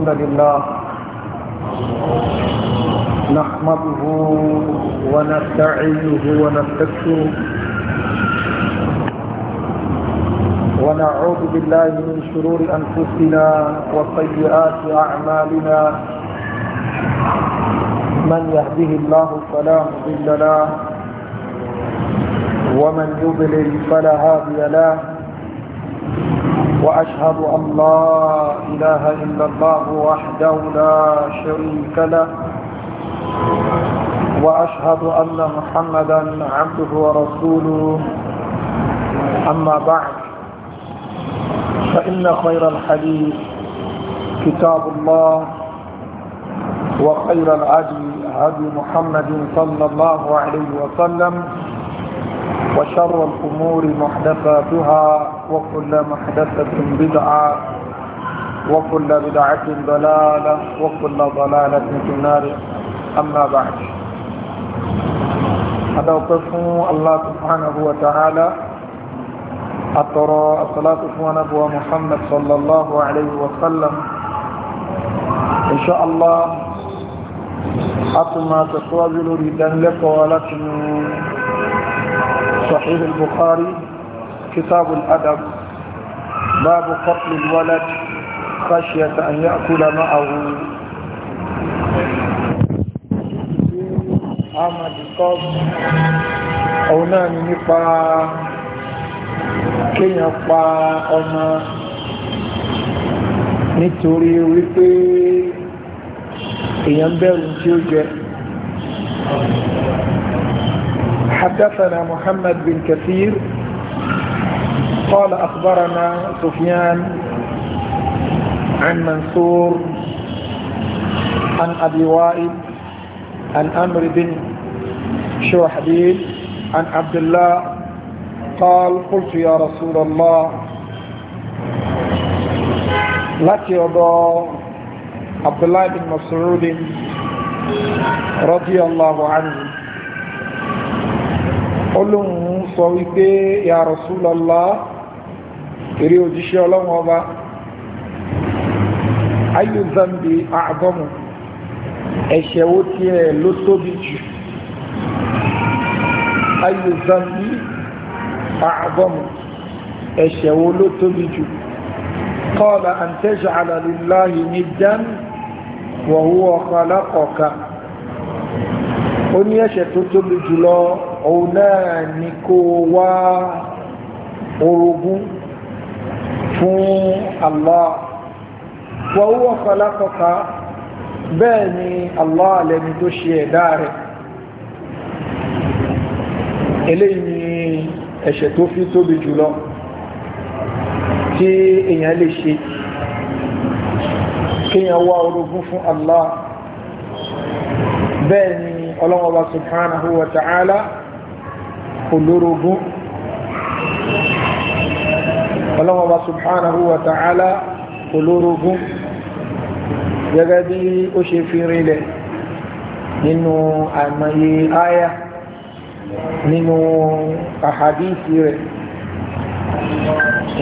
الحمد لله نحمده ونستعينه ونستكثره ونعوذ بالله من شرور أنفسنا وسيئات أعمالنا من يهده الله فلا مضل له ومن يضلل فلا هادي له وأشهد أن لا إله إلا الله وحده لا شريك له وأشهد أن محمدا عبده ورسوله أما بعد فإن خير الحديث كتاب الله وخير العدل هدي محمد صلى الله عليه وسلم وشر الأمور محدثاتها وكل محدثة بدعة وكل بدعة ضلالة وكل ضلالة في النار أما بعد هذا وقف الله سبحانه وتعالى أترى الصلاة ونبوة محمد صلى الله عليه وسلم إن شاء الله أتما تتواجل ريدا لك ولكن صحيح البخاري كتاب الأدب باب قتل الولد خشية أن يأكل معه عمل القصد أو نام نقا كي يقع أما نتوري wípé èèyàn bẹ̀rù حدثنا محمد بن كثير قال أخبرنا سفيان عن منصور عن أبي وائل عن أمر بن شوحبيل عن عبد الله قال قلت يا رسول الله لك يضا عبد الله بن مسعود رضي الله عنه قل له يا رسول الله eré òjíṣẹ́ ọlọ́wọ́n ọba ayu zambi àbọ̀mù ẹ̀ṣẹ̀ wo tiẹ̀ ló tóbi jù ayu zambi àbọ̀mù ẹ̀ṣẹ̀ wo ló tóbi jù qala an taj'ala lillahi niddan wa huwa khalaqaka ó ní ẹ̀ṣẹ̀ tó tóbi jùlọ òun náà ní kó wá orogún fún Allah wa huwa khalaqaka bẹ́ẹ̀ ni Allah lẹni tó ṣe ẹ̀dá rẹ̀ eléyìí ni ẹ̀ṣẹ̀ tó fi tóbi jùlọ tí èèyàn lè ṣe kíyàn wá orogún fún Allah bẹ́ẹ̀ ni ọlọ́wọ́ba subhanahu wa ta'ala olórogún ọlọ́wọ́n wa subhanahu wa ta'ala olórogún gẹ́gẹ́ bí ó ṣe fi rinlẹ̀ nínú àìmọye aya nínú àhàdíìsì rẹ̀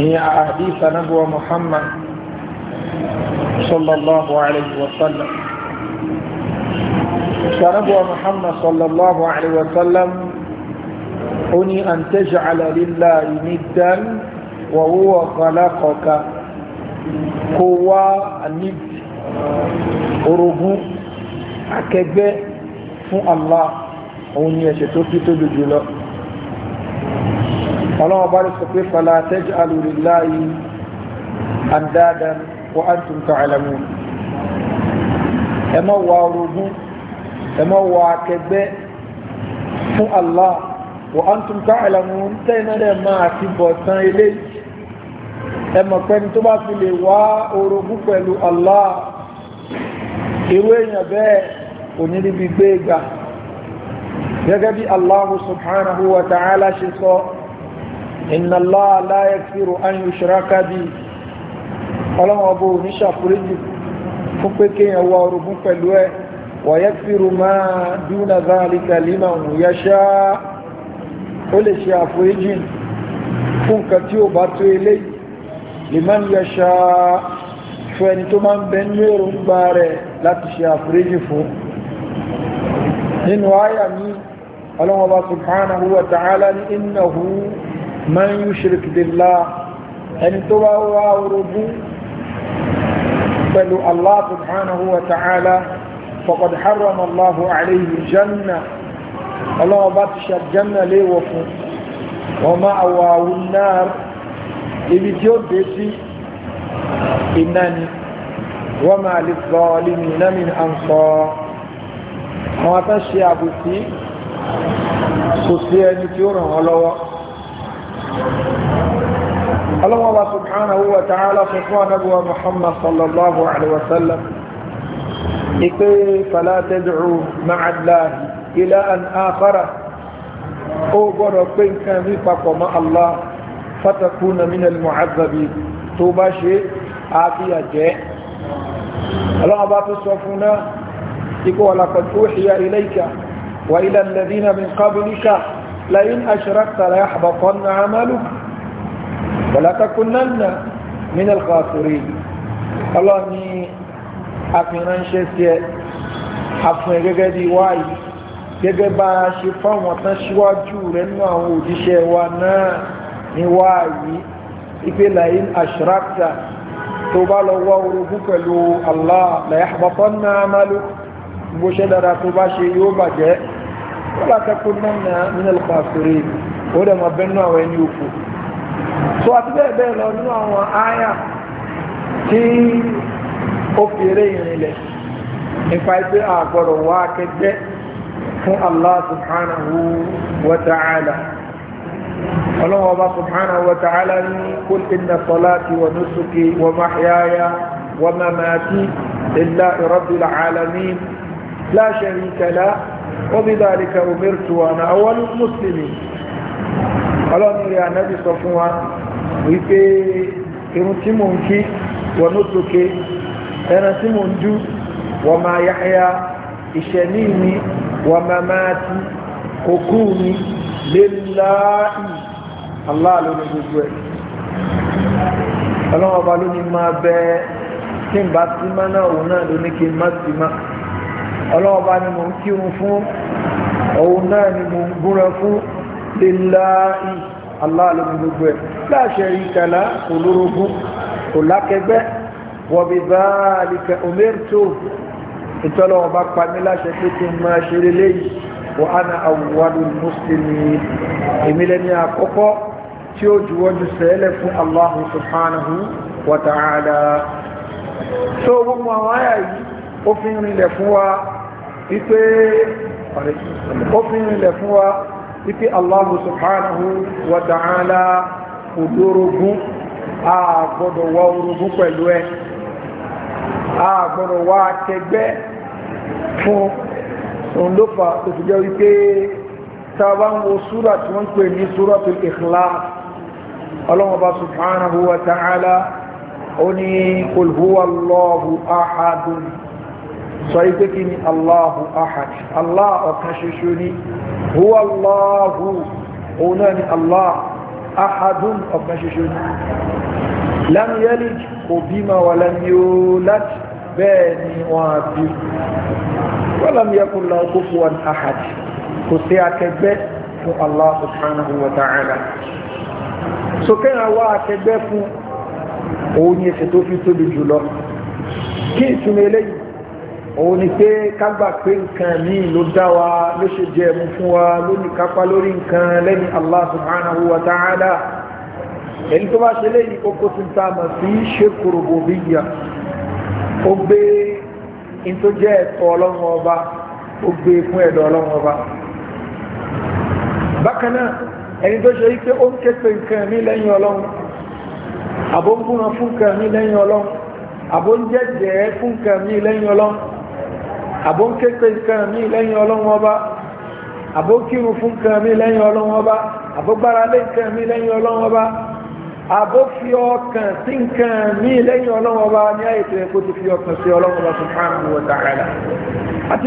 ìyẹn àhàdíìsì anábọ̀ Muhammad sallallahu alayhi wa sallam sanabuwa Muhammad sallallahu alayhi wa sallam ó an taj'ala lillahi niddan wa huwa khalaqaka kó wá níbi orogún akẹgbẹ́ fún Allah òun ni ẹ̀ṣẹ̀ tó fi tóbi jùlọ ọlọ́wọ́ bá rí sọ pé fala taj'alu lillahi andadan wa antum ta'lamun ẹ má wá orogún ẹ má akẹgbẹ́ fún Allah wa antum ta'lamun tẹ́ẹ̀mẹ́rẹ̀ máa ti bọ̀ tán eléyìí ẹmọ̀ pẹ́ni tó bá fi lè wá orogún pẹ̀lú Allah irú èèyàn bẹ́ẹ̀ oníríbi gbéga gẹ́gẹ́ bí Allah subhanahu wa ta'ala ṣe sọ inna Allah la yaghfiru an yushraka bi ọlọ́wọ́ bó oníṣàforíjì fún pé kéèyàn wá orogún pẹ̀lú ẹ̀ wa yaghfiru ma duna dhalika liman yasha ó lè ṣe àforíjì fún nǹkan tí ó bá tó eléyìí liman yasha fún ẹni tó máa ń bẹ ní èròǹgbà rẹ̀ láti ṣe àforíjì fún nínú àyà ní ọlọ́wọ́ba subhanahu wa ta'ala ní innahu man yushrik billah ẹni tó bá wá orogún pẹ̀lú allah subhanahu wa ta'ala ibi tí ó dé sí iná ni wọ́n máa lè sọ lími iná mi à ń sọ àwọn atáṣe àbùsí kò sí ẹni tí ó ràn wọ́n lọ́wọ́ ọlọ́wọ́ bá subhanahu wa ta'ala fún fún anábíwá muhammad sallallahu alaihi wasallam ipe fala tad'u ma'allahi ila an akhara ó gbọ́dọ̀ pé nǹkan mi papọ̀ mọ́ allah fatakuna minal mu'azzabi tó bá ṣe àfihàn jẹ́ ọlọ́run bá tó sọ fún náà ikú wà lápẹ̀tù òṣìyà ilayka wà ila alladhina min qablika la'in ashrakta la yahbatanna 'amaluka wa latakunanna minal khasirin ọlọ́run ní àfihànṣẹ́ sí ẹ àfihàn gẹ́gẹ́ bí wáyìí gẹ́gẹ́ bá a ṣe fáwọn tán síwájú rẹ̀ nínú àwọn wa náà ní wáàyí ipe lain ashrakta tó bá lọ wá orogún pẹ̀lú Allah la yahbatanna amaluk bó ṣe dára tó bá ṣe yóò bàjẹ́ wala takunanna minal khasirin ó dẹ̀ mọ̀ bẹ́ẹ̀ náà wẹ́n ní òkú so àti bẹ́ẹ̀ bẹ́ẹ̀ lọ nínú àwọn áyà tí ó fi ìrìnlẹ̀ nípa ẹgbẹ́ àgbọ̀rọ̀ wá akẹgbẹ́ fún Allah subhanahu wa ta'ala. ala ọlọ́wọ́ ọba subhanahu wa ta'ala ní kul inna salati wa nusuki wa mahyaya wa mamati lillahi rabbil alamin la sharika la wa bidhalika umirtu wa ana awwalul muslimin ọlọ́ni rẹ̀ ànábì sọ fún wa wípé irun tí mò ń kí wa nusuki ẹran tí mò ń dú wa mahyaya ìṣẹ̀lí mi wa mamati òkú mi lillahi Allah ló ní gbogbo ẹ̀ ọlọ́wọ́ ọba ló ní máa bẹ tí n bá sí má náà òun náà ló ní kí n má sí má ọlọ́wọ́ ọba ni mò ń kírun fún òun náà ni mò ń búra fún lillahi Allah ló ní gbogbo ẹ̀ láṣẹ ìkàlà olórogún kò lákẹgbẹ́ wọ̀bí bá àlìkẹ́ omérítò ìtọ́lọ́wọ́ bá láṣẹ pé kí n máa ṣe lélẹ́yìí wa ana awwalul muslimin èmi lẹ́ni àkọ́kọ́ tí ó juwọ́jú sẹ́lẹ̀ fún Allahu subhanahu wa ta'ala so gbogbo àwọn àyà yìí ó fi rinlẹ̀ fún wa wípé ó fi rinlẹ̀ fún wa wípé Allahu subhanahu wa ta'ala a gbọ́dọ̀ wá orogún pẹ̀lú ẹ a gbọ́dọ̀ wá akẹgbẹ́ fún òun ló fà tó jẹ́ wípé tá bá ń wo súrà tí wọ́n ń pè ní súratul Ikhlas ọlọ́mọba subhanahu wa ta'ala ó ní qul huwa Allahu ahadun sọ ipé kí ni Allahu ahad Allah ọ̀kan ṣoṣo ni huwa Allahu òun náà ni Allah ahadun ọ̀kan ṣoṣo ni lam yalid kò bímọ wa lam yulad bẹ́ẹ̀ ni wọ́n sókè náà wá akẹgbẹ́ fún òun ni ẹsẹ̀ tó fi tóbi jùlọ kí ìtumọ̀ eléyìí òun ni pé kágbà pé nǹkan míì ló dá wa ló ṣe jẹ ẹ̀mú fún wa ló ní kápá lórí nǹkan lẹ́yìn Allah subhanahu wa ta'ala èyí tó bá ṣe léyìn kókó tí ń ta mọ̀ sí ṣirku rububiyya ó gbé in tó jẹ́ ẹ̀tọ́ ọlọ́run ọba ó gbé fún ẹ̀dọ̀ ọlọ́run ọba bákan náà ẹni tó ṣe wípé ó ń ké pe nǹkan mi lẹ́yìn ọlọ́run àbó ń gúnran fún nǹkan mi lẹ́yìn ọlọ́run àbó ń jẹ́jẹ́ fún nǹkan mi lẹ́yìn ọlọ́run àbó ń ké pe nǹkan mi lẹ́yìn ọlọ́run ọba àbó kírun fún nǹkan mi lẹ́yìn ọlọ́run ọba àbó gbára lé nǹkan mi lẹ́yìn ọlọ́run ọba àbó fi ọkàn sí nǹkan mi lẹ́yìn ọlọ́run ọba ní àyètò ẹ̀kọ́ ti fi ọkàn sí ọlọ́run ọba subhanahu wa ta'ala àti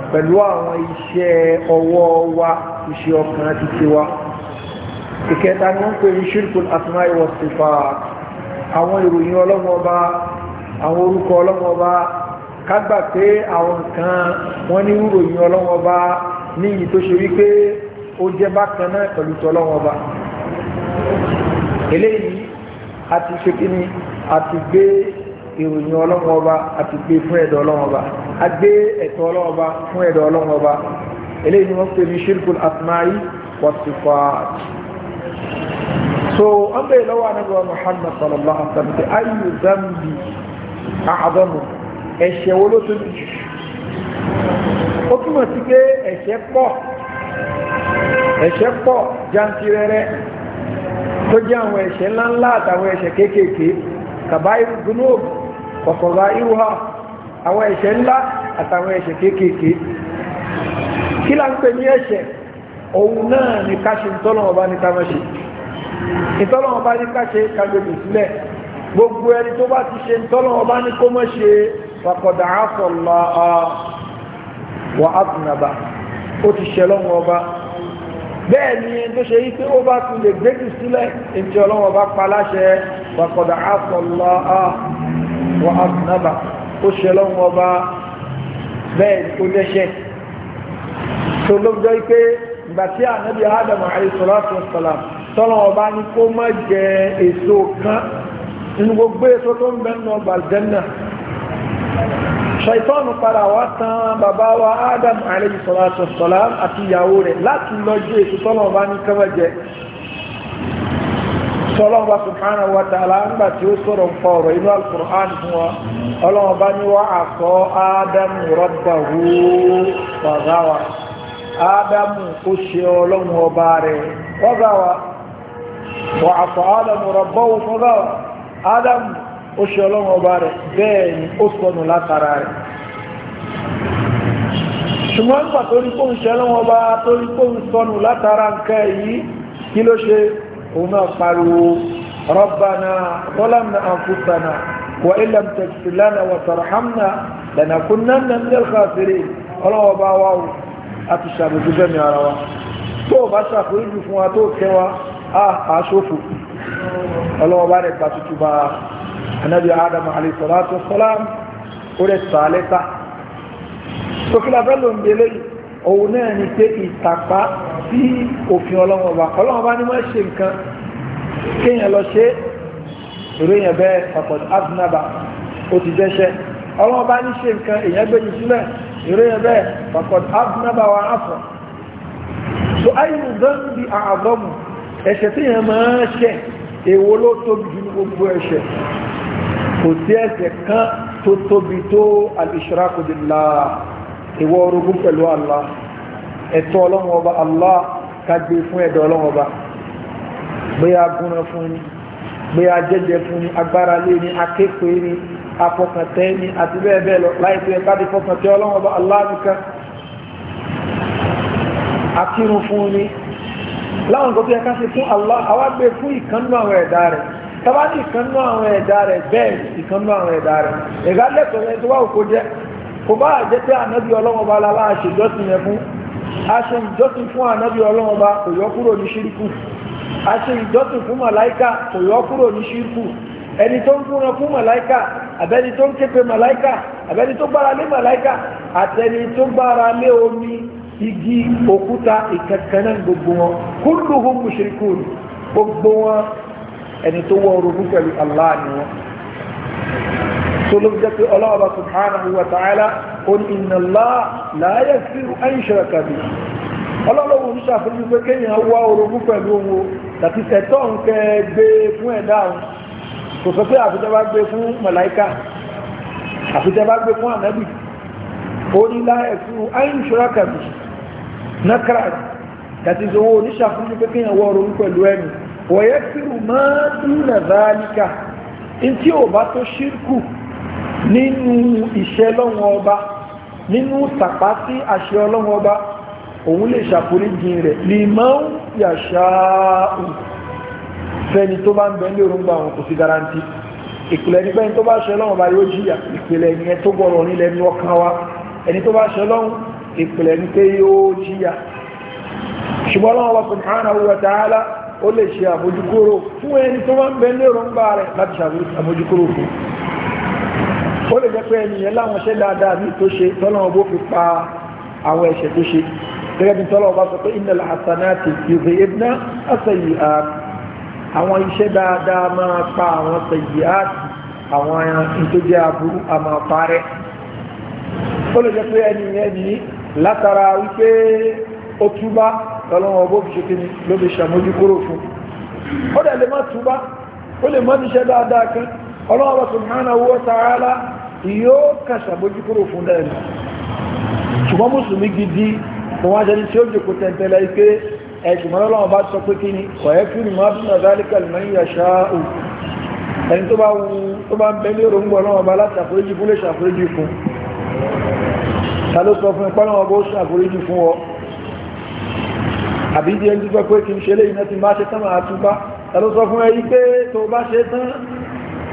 pẹ̀lú àwọn iṣẹ́ ọwọ́ wa iṣẹ́ ọkàn àti tiwa ìkẹta ni wọ́n pè ní shirkul asma'i wa sifat àwọn ìròyìn ọlọ́mọba àwọn orúkọ ọlọ́mọba kágbà pé àwọn nǹkan wọ́n ní ìròyìn ọlọ́mọba ní ìyí tó ṣe wípé ó jẹ́ bákan náà pẹ̀lú tọ́lọ́mọba eléyìí àti ṣe kíni àti gbé ìròyìn ọlọ́mọba àti gbé fún ẹ̀dọ̀ ọlọ́mọba agbé ẹ̀tọ́ ọlọ́ọba fún ẹ̀dọ̀ ọlọ́ọba eléyìí ni wọ́n pè ní ṣírkùn asma'i wasifat so wọ́n bèèrè lọ́wọ́ anábọ̀ muhammad sallallahu alaihi wasallam pé ayu zambi àádọ́mù ẹ̀ṣẹ̀ wo ló tó jù ó túmọ̀ sí pé ẹ̀ṣẹ̀ pọ̀ ẹ̀ṣẹ̀ pọ̀ jantirẹrẹ tó jẹ́ àwọn ẹ̀ṣẹ̀ ńláńlá àtàwọn ẹ̀ṣẹ̀ kéékèèké kàbáyé gúnóòbù kọ̀kọ̀rọ̀ àwọn ẹ̀ṣẹ̀ ńlá àtàwọn ẹ̀ṣẹ̀ kéékèèké kí là ń pè ní ẹ̀ṣẹ̀ òun náà ni ká ṣe ìtọ́lọ́wọ́ bá ní ká má ṣe ìtọ́lọ́wọ́ bá ní ká ṣe kàgbègbè sílẹ̀ gbogbo ẹni tó bá ti ṣe ìtọ́lọ́wọ́ bá ní kó má ṣe fàkọ̀dà àfọ̀lá wà ábùnàbà ó ti ṣe ó ṣe lọ́wọ́ ọba bẹ́ẹ̀ ó dẹ́ṣẹ̀ tó ló jọ pé ìgbà tí ànábì Ádámù àìsọ̀láṣọ sọ̀là tọ́lọ́ ọba ní kó má jẹ èso kan nínú gbogbo èso tó ń bẹ nínú ọgbà àlùjánnà ṣàìtọ́nù padà wá tán bàbá wa Ádámù àìsọ̀láṣọ sọ̀là àti ìyàwó rẹ̀ láti lọ jẹ èso tọ́lọ́ ọba ní kó má jẹ sọlọ́n bá subhanahu wa ta'ala ńgbà tí ó sọ̀rọ̀ ń fọ ọ̀rọ̀ inú alukur'an fún wa ọlọ́run bá ní wá àtọ́ ádámù rabbahu wàgáwà ádámù ó ṣe ọlọ́run ọba rẹ̀ wàgáwà wà àtọ́ ádámù rabbahu wàgáwà ádámù ó ṣe ọlọ́run ọba rẹ̀ bẹ́ẹ̀ ni ó sọnù látara rẹ̀ ṣùgbọ́n nígbà tó rí pòun ṣe ọlọ́run òun náà pariwo rọ́bànà tọ́lámnà àǹfùsànà wà ilẹ̀ tẹ̀sílánà wà sàrọ̀hámnà lẹ́nàkúnnánà ní ẹ̀kọ́sẹ̀rẹ̀ ọlọ́wọ́ bá wà ó àti ṣàbùkù fẹ́mi ara wa tó o bá ṣàforíjì fún wa tó kẹwa a àṣòfò ọlọ́wọ́ bá rẹ̀ gbàtútù bá anabi adam alayhi salatu wa salam ó rẹ̀ sàálẹ́ta sọfúnlá fẹ́ ló ń délé òun náà ni pé ìtàpá sí òfin ọlọ́wọ́n ọba ọlọ́wọ́n ọba ní máa ṣe nǹkan kéèyàn lọ ṣe èrò èèyàn bẹ́ẹ̀ pàpọ̀dù aznaba ó ti dẹ́ṣẹ̀ ọlọ́wọ́n ọba ní ṣe nǹkan èèyàn gbé jù sílẹ̀ èrò èèyàn bẹ́ẹ̀ pàpọ̀dù aznaba wa afọ̀ so ayinu dánbi àgọ́mù ẹ̀ṣẹ̀ tí èèyàn máa ṣẹ̀ èwo ló tóbi jù gbogbo ẹ̀ṣẹ̀ kò sí ẹ̀ṣẹ̀ kan tó tóbi tó al ìwọ orogún pẹ̀lú Allah ẹ̀tọ́ ọlọ́run ọba allah ká gbé fún ẹ̀dọ̀ ọlọ́run ọba bóyá gúnra fún ni bóyá jẹ́jẹ́ fún ni agbára lé ni akékòó ni afọkàntẹ́ ni àti bẹ́ẹ̀ bẹ́ẹ̀ lọ láìpẹ́ káàdì fọkàntẹ́ ọlọ́run ọba allah nìkan akírun fún ni láwọn nǹkan tó yẹ ká ṣe fún allah àwa gbé fún ìkànnú àwọn ẹ̀dá rẹ̀ tọ́ba ní ìkànnú àwọn ẹ̀dá rẹ̀ bẹ́ẹ̀ ìkànnú àwọn ẹ̀dá rẹ̀ ẹ̀gá lẹ́tọ̀ọ́ yẹn tó wà òkò jẹ́ kò bá àjẹtẹ́ ànábì ọlọ́run ọba aláṣẹ ìjọsìn yẹn a ṣe ìjọsìn fún ànábì ọlọ́run ọba kò yọ kúrò ní ṣíríkù a ṣe ìjọsìn fún màláìkà kò yọ kúrò ní ṣíríkù ẹni tó ń kúran fún màláìkà àbẹ́ni tó ń képe màláìkà àbẹ́ni tó gbára lé màláìkà àtẹni tó gbára lé omi igi òkúta ìkẹkẹrẹ gbogbo wọn kulluhum mushrikun gbogbo wọn ẹni tó wọ orogún pẹ̀lú Allah ni wọn سلوك ذات الله سبحانه وتعالى قل إن الله لا يغفر أن شرك به الله لو مش عارف اللي بكين هو ورغوف اليوم تاتي ستون كبيفون داون كوسوفي أفتبا بيفون ملايكة أفتبا بيفون النبي قل لا يغفر أن شرك به نكرة تاتي زوو مش عارف اللي بكين هو ورغوف اليوم ويغفر ما دون ذلك إن تي أوباتو شركو nínú iṣẹ́ lọ́wọ́ ọba nínú tàpá sí àṣẹ ọlọ́wọ́ ọba òun lè ṣàforíjìn rẹ̀ lè máa ń yàṣáàù fẹ́ni tó bá ń bẹ ní orúngbà àwọn kò sí garanti ìpìlẹ̀ ní pẹ́ni tó bá ṣe lọ́wọ́ ọba yóò jìyà ìpìlẹ̀ ní ẹ tó gbọ́rọ̀ nílẹ̀ ní ọkàn wa ẹni tó bá ṣe lọ́wọ́ ìpìlẹ̀ ní pé yóò jìyà ṣùgbọ́n lọ́wọ́ wa ó lè jẹ́ pé ẹnìyàn láwọn ṣẹ́ dáadáa ní tó ṣe tọ́lọ́wọ́ bó fi pa àwọn ẹ̀ṣẹ̀ tó ṣe gẹ́gẹ́ bí tọ́lọ́wọ́ bá sọ pé innal hasanati yudhibna as-sayyi'at àwọn iṣẹ́ dáadáa máa pa àwọn sayyi'at àwọn ìtòjẹ́ aburú àmọ́ parẹ́ ó lè jẹ́ pé ẹnìyàn ní látara wípé ó túbá tọ́lọ́wọ́ bó fi ṣe kí ni ló fi ṣàmójú fún ó lè má túbá ó lè má níṣẹ́ dáadáa kan ọlọ́wọ́ subhanahu wa ta'ala yóò kà ṣàbójúkúrò fún dẹ́rẹ̀ ṣùgbọ́n mùsùlùmí gidi wọn wájẹ́ ní tí ó jòkó tẹ̀ntẹ̀lẹ̀ ike ẹ̀ṣùgbọ́n ọlọ́wọ́ bá sọ pé kí ni kọ̀yẹ́ kí ni máa dúnà dálíkà lè mẹ́rin yàṣá ò ẹni tó bá wù tó bá ń bẹ ní òròǹgbọ̀ ọlọ́wọ́ bá láti àforíjì fún lè ṣàforíjì fún ta ló sọ fún ipá lọ́wọ́ bó ṣàforíjì fún ọ àbí di ẹni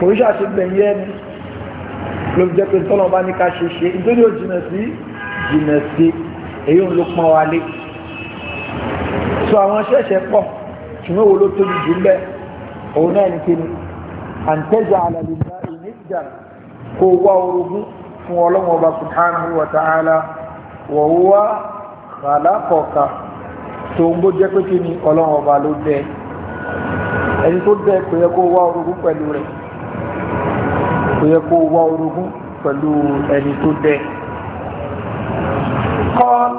tó ni ló fi jẹ́ pé tọ́lọ̀ bá ní ká ṣe ṣe nítorí ó jìnà sí jìnà sí èyí ń lo pọn wa lé so àwọn ṣẹ̀ṣẹ̀ pọ̀ ṣùgbọ́n wo ló tóbi jù ń bẹ́ òun náà ní kíni àǹtẹ́jà àlàlẹ́ ìgbà ìníjà kó wá orogún fún ọlọ́wọ́n ọba subhanahu wa ta'ala wa huwa khalaqaka tó ń bó jẹ́ pé kíni ọlọ́wọ́n ọba ló bẹ́ẹ̀ ẹni tó bẹ́ẹ̀ pé ẹ kó wá orogún pẹ̀lú rẹ̀ kò yẹ kó wá orogún pẹ̀lú ẹni tó dẹ قال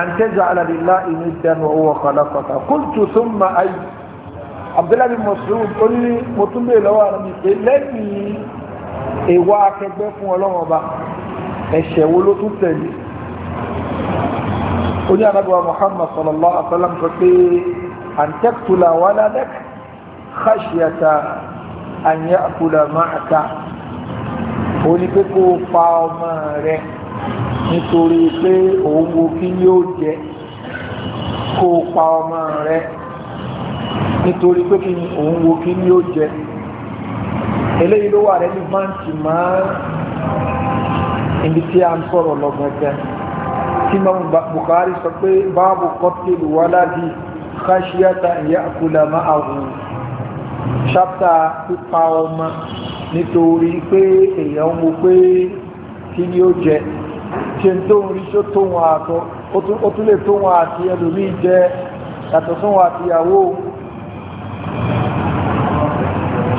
أن تجعل لله ندا وهو خلقك قلت ثم أي عبد الله بن مسعود ó ní mo tún bèèrè lọ́wọ́ Ànábì pé lẹ́yìn ìwà akẹgbẹ́ fún Ọlọ́run Ọba ẹ̀ṣẹ̀ wo ló tún tẹ̀lé ó ní Muhammad sallallahu alaihi wa sallam sọ pé أن تقتل ولدك an ya'kula ma'aka ó ní pé kó o pa ọmọ rẹ nítorí pé òun wo kí yóò jẹ kó o pa ọmọ rẹ nítorí pé kí òun wo kí yóò jẹ eléyìí ló wà rẹ ní báńkì máa ibi tí a ń sọ̀rọ̀ lọ tí ma Bukhari sọ pé báàbù kọ́tìlì wáládìí khashiyata an ya'kula ma'ahu ṣáptà pípa ọmọ nítorí pé èèyàn ń wo pé kí ni ó jẹ ṣe ń tó ń rí ṣó tó wọn àtọ ó tún lè tó wọn àti ẹlòmíì jẹ yàtọ̀ tó wọn àti ìyàwó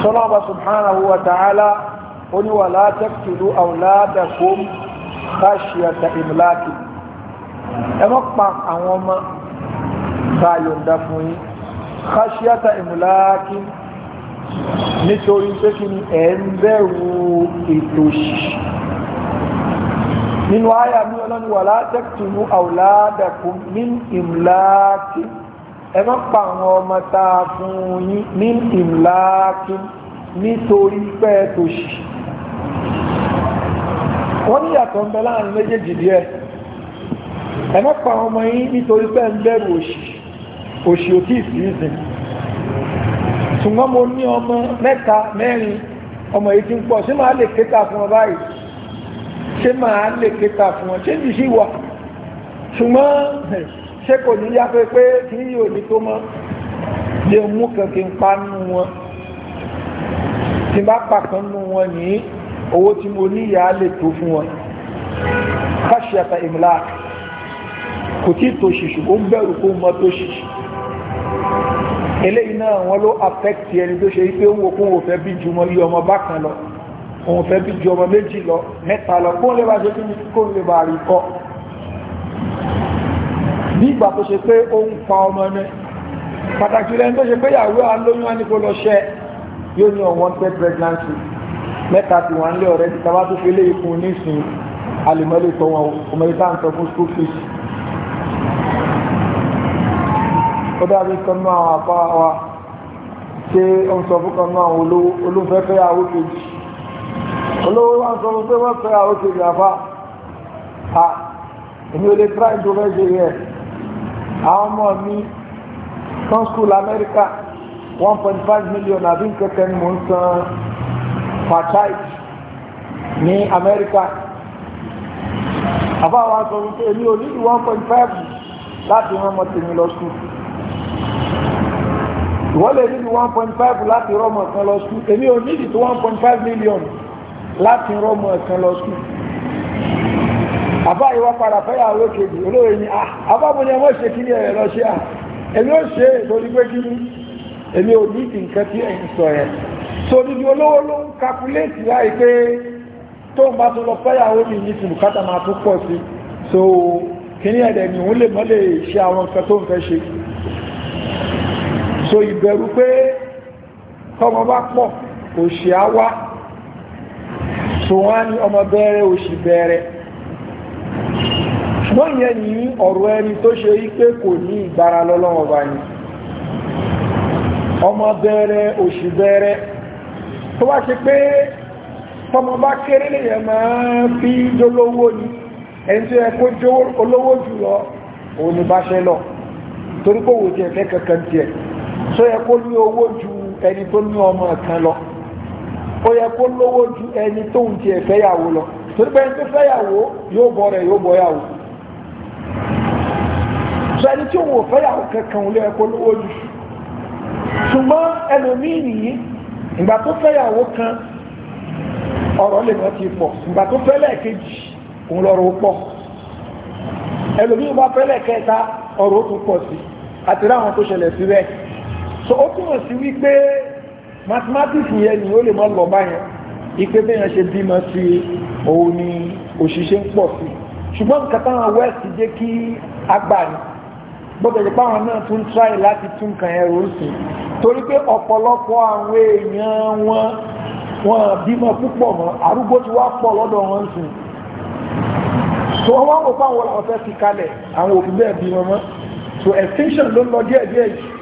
sọlọ́ọ̀bà subhanahu wa ta'ala ó ní wà látẹ́kìlú àwòládàkóm káṣíyàtà ìmìláàkì ẹ mọ́ pa àwọn ọmọ tá a yọ̀ǹda fún yín káṣíyàtà ìmìláàkì nítorí pé kí ni ẹ̀ ń bẹ̀rù ètò òṣì nínú àyà mi ọlọ́ni wà látẹ́kùtùmú àwòládàkùn ní ìmúláàkì ẹ má pa àwọn ọmọ tá a fún yín ní ìmúláàkì nítorí pé ètò òṣì wọ́n ní yàtọ̀ ń bẹ láàrin méjèèjì díẹ̀ ẹ má pa ọmọ yín nítorí pé ń bẹ̀rù òṣì òṣì òtí ìsìn ṣùgbọ́n mo ní ọmọ mẹ́ta mẹ́rin ọmọ èyí tí ń pọ̀ ṣé máa lè kéta fún ọ báyìí ṣé máa lè kéta fún ọ ṣé sí wà ṣùgbọ́n ṣé kò ní yá pé kí yóò ní tó mọ́ lè mú kankan pa nù wọn tí bá pàkan nù wọn ní owó tí mo ní ìyá lè tó fún wọn káṣíyàtà ìmìlá kò tí tó ṣìṣù ó bẹ̀rù kó mọ́ tó ṣìṣù eléyìí náà wọ́n ló affect ẹni tó ṣe pé òun òkun ò fẹ́ bí ju iye ọmọ bákan lọ òun fẹ́ bí ju ọmọ méjì lọ mẹ́ta lọ kó lè bá ṣe kíni kó lè bá rí kọ́ nígbà tó ṣe pé ó ń fa ọmọ ní pàtàkì lẹ́ni tó ṣe pé yàwó alóyún àníkó lọ ṣẹ́ yóò ní unwanted pregnancy mẹ́ta tí wọ́n ń lé ọ̀rẹ́ ti tàbá tó fi lé ikun nísìnyí alìmọ́lẹ̀ tọ́wọ́n ọmọ ìta ń sọ fún school fees ó dàbí kan náà àwọn àpá wa ṣe ń sọ fún kan náà olówó olófẹ́fẹ́ àwọ kejì olówó wa ń sọ fún pé wọ́n fẹ́ àwọ kejì àfá à èmi ò lè tíráì tó fẹ́ ṣe yẹ àwọn ọmọ mi kan school Amẹ́ríkà one point five million àbí nkẹ́kẹ́ ni mò ń san fatai ní Amẹ́ríkà àbá wa sọ wípé èmi ò ní one point five láti rán ọmọ tèmi lọ school ìwọ́n lè níbi one point five láti rọ́mọ kan lọ sùn èmi ò níbi tó one point five million láti rọ́mọ kan lọ sùn àbá ìwà padà fẹ́yàwó kejì olóòrè ni ah, àbábọ̀ ni ọmọ ìṣe kíní ẹ̀rẹ̀ lọ ṣe à èmi ó ṣe ìtòrí pé kíní èmi ò ní nǹkan tí ẹ̀yìn sọ ẹ̀ so níbi olówó ló ń kakuléètì láì pé tó ń bá tó lọ fẹ́yàwó mi ní tìlù kátà máa tó pọ̀ sí so kíní ẹ̀dẹ̀ ni òun lè mọ́ lè ṣe àwọn nǹkan tó ń fẹ́ ṣe so ìbẹ̀rù pé tọmọ bá pọ̀ òṣì á wá so wọ́n á ní ọmọ bẹ̀rẹ̀ òṣì bẹ̀rẹ̀ ṣùgbọ́n ìyẹn ní ọ̀rọ̀ ẹni tó ṣe rí kò ní ìgbára lọ́lọ́wọ́ bá ní ọmọ bẹ̀rẹ̀ òṣì bẹ̀rẹ̀ tó bá ṣe pé tọmọ bá kéré lè yẹ máa fi jólówó ni ẹni tó yẹ kó jó olówó jùlọ òun ni bá ṣe lọ torí kò wò tiẹ̀ fẹ́ kankan tiẹ̀ tó yẹ kó ní owó ju ẹni tó ní ọmọ kan lọ ó yẹ kó lówó ju ẹni tó ń tiẹ̀ fẹ́yàwó lọ torí pé ẹni tó fẹ́yàwó yóò bọ́ rẹ̀ yóò bọ́ yàwó sọ ẹni tí òun ò fẹ́yàwó kankan ló yẹ kó lówó ju ṣùgbọ́n ẹlòmíì nìyí ìgbà tó fẹ́yàwó kan ọ̀rọ̀ lè mọ́ ti pọ̀ ìgbà tó fẹ́lẹ̀ kejì òun lọ́rọ̀ pọ̀ ẹlòmíì bá fẹ́lẹ̀ kẹta ọ̀rọ̀ ó tún pọ̀ sí àti ráwọn tó ṣẹlẹ̀ sí bẹ́ẹ̀ so ó túmọ̀ sí wípé mathematics yẹn ni ó lè má lọ báyẹn ipe bẹ́yẹn ṣe bímọ sí òun ni òṣìṣẹ́ ń pọ̀ sí ṣùgbọ́n nǹkan táwọn west jẹ́ kí agbà ní gbọ́dọ̀ jẹ́ páwọn náà tún try láti tún kan ẹrù sí torí pé ọ̀pọ̀lọpọ̀ àwọn èèyàn wọn wọn bímọ púpọ̀ mọ́ arúgbó ti wá pọ̀ lọ́dọ̀ wọn sí so wọ́n wá wò fáwọn ọ̀fẹ́ fi kalẹ̀ àwọn òbí bẹ́ẹ̀ bímọ mọ́ so extinction ló ń lọ díẹ̀díẹ̀ yìí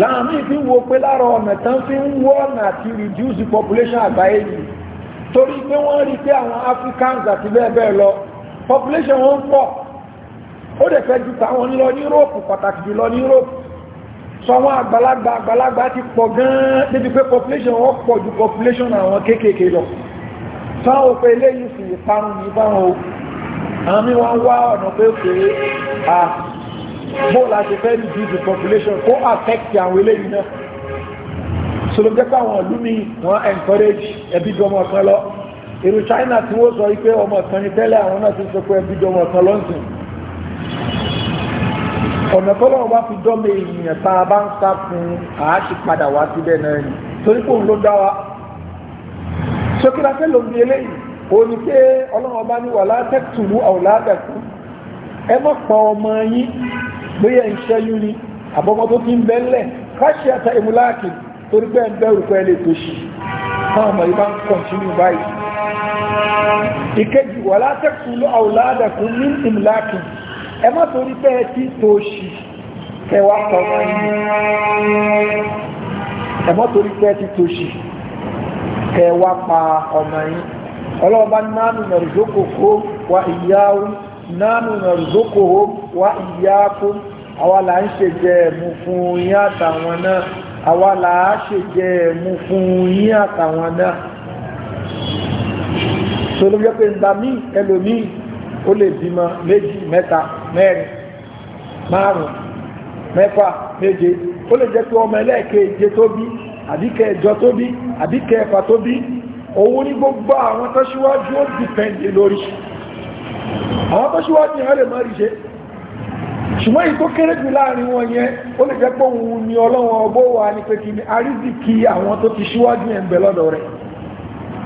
láàmì fi ń wo pé lára ọ̀nà tán fi ń wọ́ ọ̀nà àti reduce population àgbáyé yìí torí pé wọ́n rí pé àwọn Africans àti bẹ́ẹ̀ bẹ́ẹ̀ lọ population wọn pọ̀ ó dẹ̀ fẹ́ ju tàwọn lọ ní Europe pàtàkì jùlọ ní Europe sọ àwọn àgbàlagbà àgbàlagbà ti pọ̀ gan-an débi pé population wọn pọ̀ ju population àwọn kéékèèké lọ sáwọn òpè eléyìí sì parun ní báwọn o àmì wọn wá ọ̀nà pé pé à ah bóò láti fẹ́ reduce the population kó affect àwọn eléyìí náà solomjẹ́ pé àwọn ìlú mi wọ́n encourage ẹbí dọ́mọ kan lọ èrò China tí wọ́n sọ pé ọmọ kan ní tẹ́lẹ̀ àwọn náà ti sọ pé ẹbí dọ́mọ kan lọ́sìn ọ̀nà tọ́lọ́wọ́ bá fi dọ́mọ èèyàn tá a bá ń sá fún àáṣì padà wá síbẹ̀ náà ni torí pé òun ló dá wa sókèrè afẹ́ ló ń bi eléyìí òun ni pé ọlọ́wọ́ bá ní wà látẹ́kùtù àwòlá àgbẹ̀kú ẹ má pa ọmọ yín bóyá ìṣẹ́yún ni àbọ́mọ́ tó ti ń bẹ́lẹ̀ káṣí ata emulaaki torí pé ń bẹ̀rù pé lè tó ṣì náà mọ̀ ìbá ń kọ̀ntínú báyìí ìkejì wà látẹ̀kù àwòládàkù ní ìmúláàkì ẹ má torí pé tí tó ṣì kẹwàá kọ̀ ẹ má torí pé tó ṣì pa ọlọ́ọ̀bá nánú wa ìyáwó nánú nàrùdókòwò wá ìyáàkó àwa là ń ṣe jẹ ẹ̀mú fún yín àtàwọn náà àwa là á ṣe jẹ ẹ̀mú fún yín àtàwọn náà tó ló jẹ́ pé ìgbà míì ẹlòmíì ó lè bímọ méjì mẹ́ta mẹ́rin márùn mẹ́fà méje ó lè jẹ́ pé ọmọ ẹlẹ́ẹ̀keje tó bí àbíkẹ́ ẹjọ tó bí àbíkẹ́ ẹfà tó bí òun ní gbogbo àwọn tó ó dìpẹ́ndì lórí àwọn tó ṣíwájú yẹn lè má rí ṣe ṣùgbọ́n èyí tó kéré jù láàrin wọn yẹn ó lè jẹ́ pé òun ni ọlọ́wọ́n ọgbọ́ wa ní pé kí ni àrídìkì àwọn tó ti ṣíwájú yẹn ń bẹ lọ́dọ̀ rẹ̀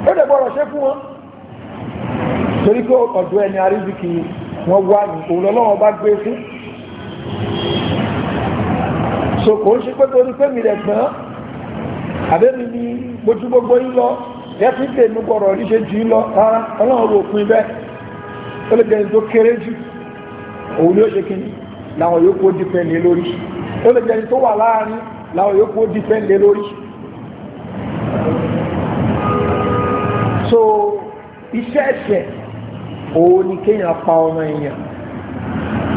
ó dẹ̀ gbọ́dọ̀ ṣe fún wọn torí pé ọ̀dọ̀ ẹni àrídìkì wọn wá ní òun lọ́wọ́ bá gbé fún so kò ń ṣe pé torí pé mi rẹ̀ gbọ́n àbẹ́mi ni mojúgbogbo yín lọ yẹ́tí tèmi gbọ́dọ̀ ríṣe ẹlẹ́gbẹ̀ẹ́ tó kéré jù òun ni ṣe kíni láwọn yóò kó dípẹ́ǹdé lórí ẹlẹ́gbẹ̀ẹ́ tó wà láàrin láwọn yóò kó dípẹ́ǹdé lórí so iṣẹ́ ẹ̀ṣẹ̀ òun ni kéèyàn pa ọmọ èèyàn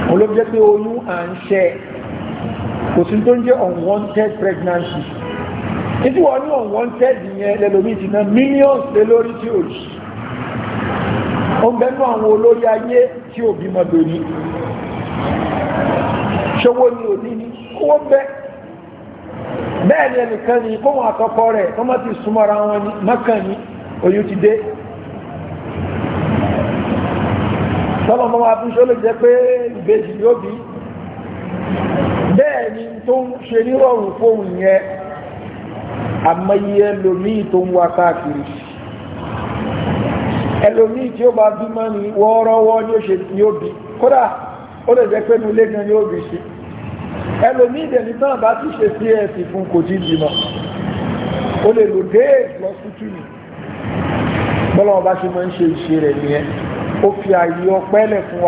òun ló jẹ́ pé oyún à ń ṣe kò sí tó ń jẹ́ unwanted pregnancy títí wọn ní unwanted yẹn lẹ́lòmíì ti ná millions lé lórí tí ò jù ó ń bẹ́nu àwọn olórí ayé tí ò bímọ lóní ṣòwò ni ò ní ní kówó bẹ́ bẹ́ẹ̀ ni ẹnìkan ni kóhun àtọkọ rẹ̀ tó má ti súnmọ́ra wọn ní mọ́kàn ní oyún ti dé tọ́lọ̀ mọ́ wa fún ṣó jẹ́ pé ìbejì yóò bí bẹ́ẹ̀ tó ń ṣe nírọ̀rùn fóun yẹn àmọ́ iye lomi tó ń wá káàkiri ẹlòmíì tí ó bá bí mọ́ ní wọ́ọ́rọ́wọ́ ní òṣè ní òbí kódà ó lè jẹ́ pé ní ilé gan yóò bí sí ẹlòmíì ìdẹ̀ni tán bá ti ṣe cs fún kò tí bímọ ó lè lò déèdì lọ sí túnú bọ́lá ọba ṣe máa ń ṣe ìṣe rẹ̀ nìyẹn ó fi àyè ọpẹ́ lẹ̀ fún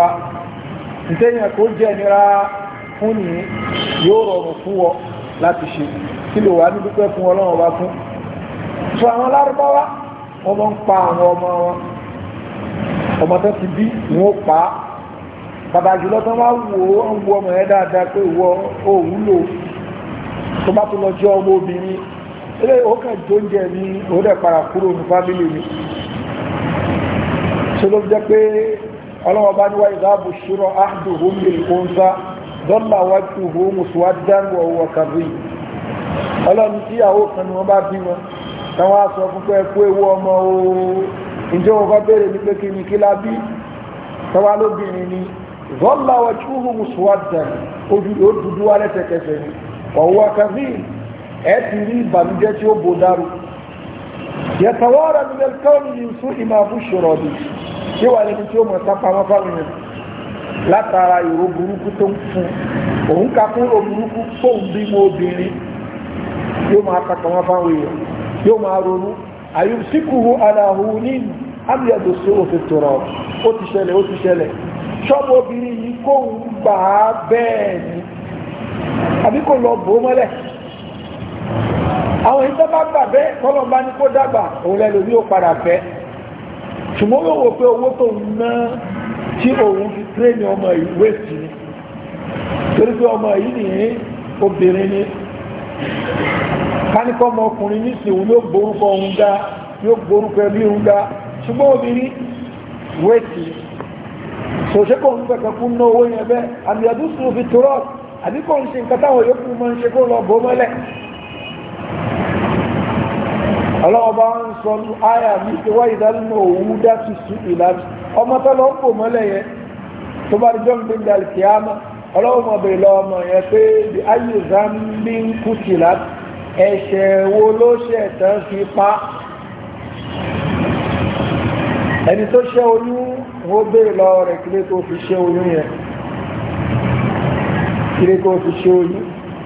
àwọn lárúbáwá wọn ń pa àwọn ọmọ wọn ọmọ tó ti bí wọn pa á bàbá jùlọ tó wá wò ó ń wo ọmọ yẹn dáadáa pé ìwọ ò wúlò tó bá tó lọ jẹ ọmọ obìnrin ilé òkè tó ń jẹ ní òdẹ para kúrò ní fámìlì mi tó ló jẹ pé ọlọ́wọ́ bá níwá ìdáàbò ṣúrọ̀ ahduhum lil unza dọ́là wajhuhu muswaddan wa huwa kadhib ọlọ́run tíyàwó kan ni wọ́n bá bí wọn táwọn á sọ kó ewu ọmọ ooo ǹjẹ́ wọn bá bẹ̀rẹ̀ ní pé kí ni kí lábí tọ́wá lóbìnrin ni zọ́lá wa chúhù mùsùwádà ojú ló dúdú wa lẹ́sẹ̀kẹsẹ̀ ni ọ̀wọ́ kàmí ẹ̀ ti rí ìbànújẹ́ tí ó bò dárú yẹtawara nílẹ̀ káwọn yìí sún ìmọ̀ àbúṣọ̀rọ̀ bí kí wà nínú tí ó mọ̀ sápá wọn fáwọn yẹn látara ìró burúkú tó ń fún òun ka fún ìró burúkú fóun bímọ obìnrin yóò máa kàkà wọn fáwọn èèyàn yóò máa ronú àyùsíkùrú aláhùn nínú abiyadu sí òfin tòrọ ó ti ṣẹlẹ̀ ó ti ṣẹlẹ̀ ṣọ́bù obìnrin yìí kò ń gbà á bẹ́ẹ̀ ni àbí kò lọ bò ó mọ́lẹ̀ àwọn ìtọ́ bá gbà bẹ́ẹ̀ kọ́lọ̀ bá ní kó dàgbà òun lẹ́lò ní ó padà fẹ́ ṣùgbọ́n yóò wò pé owó tó ń ná tí òun fi tréní ọmọ ìwé sí ni torí pé ọmọ yìí nìyí obìnrin ni káníkọ́ ọmọkùnrin ní ìsìn òun yóò gborúkọ òun dá yóò gborúkọ ẹbí òun dá ṣùgbọ́n obìnrin wéètì ṣòṣe kò ń pẹ̀kẹ́ fún ná owó yẹn bẹ́ẹ̀ àmì àdúsùn fi tòrọ́ àbí kò ń ṣe nǹkan táwọn yòókù máa ń ṣe kó lọ bò mọ́lẹ̀ ọlọ́ọ̀bá ń sọ àyà mi ṣe wá ìdánimọ̀ òwú lọ ń mọ́lẹ̀ yẹn bá ń gbé ẹ̀ṣẹ̀ wo ló ṣe ẹ̀tàn fi pa ẹni tó ṣẹ́ oyún wọ́n béèrè lọ rẹ̀ kílé tó fi ṣẹ́ oyún yẹn kílé tó fi ṣẹ́ oyún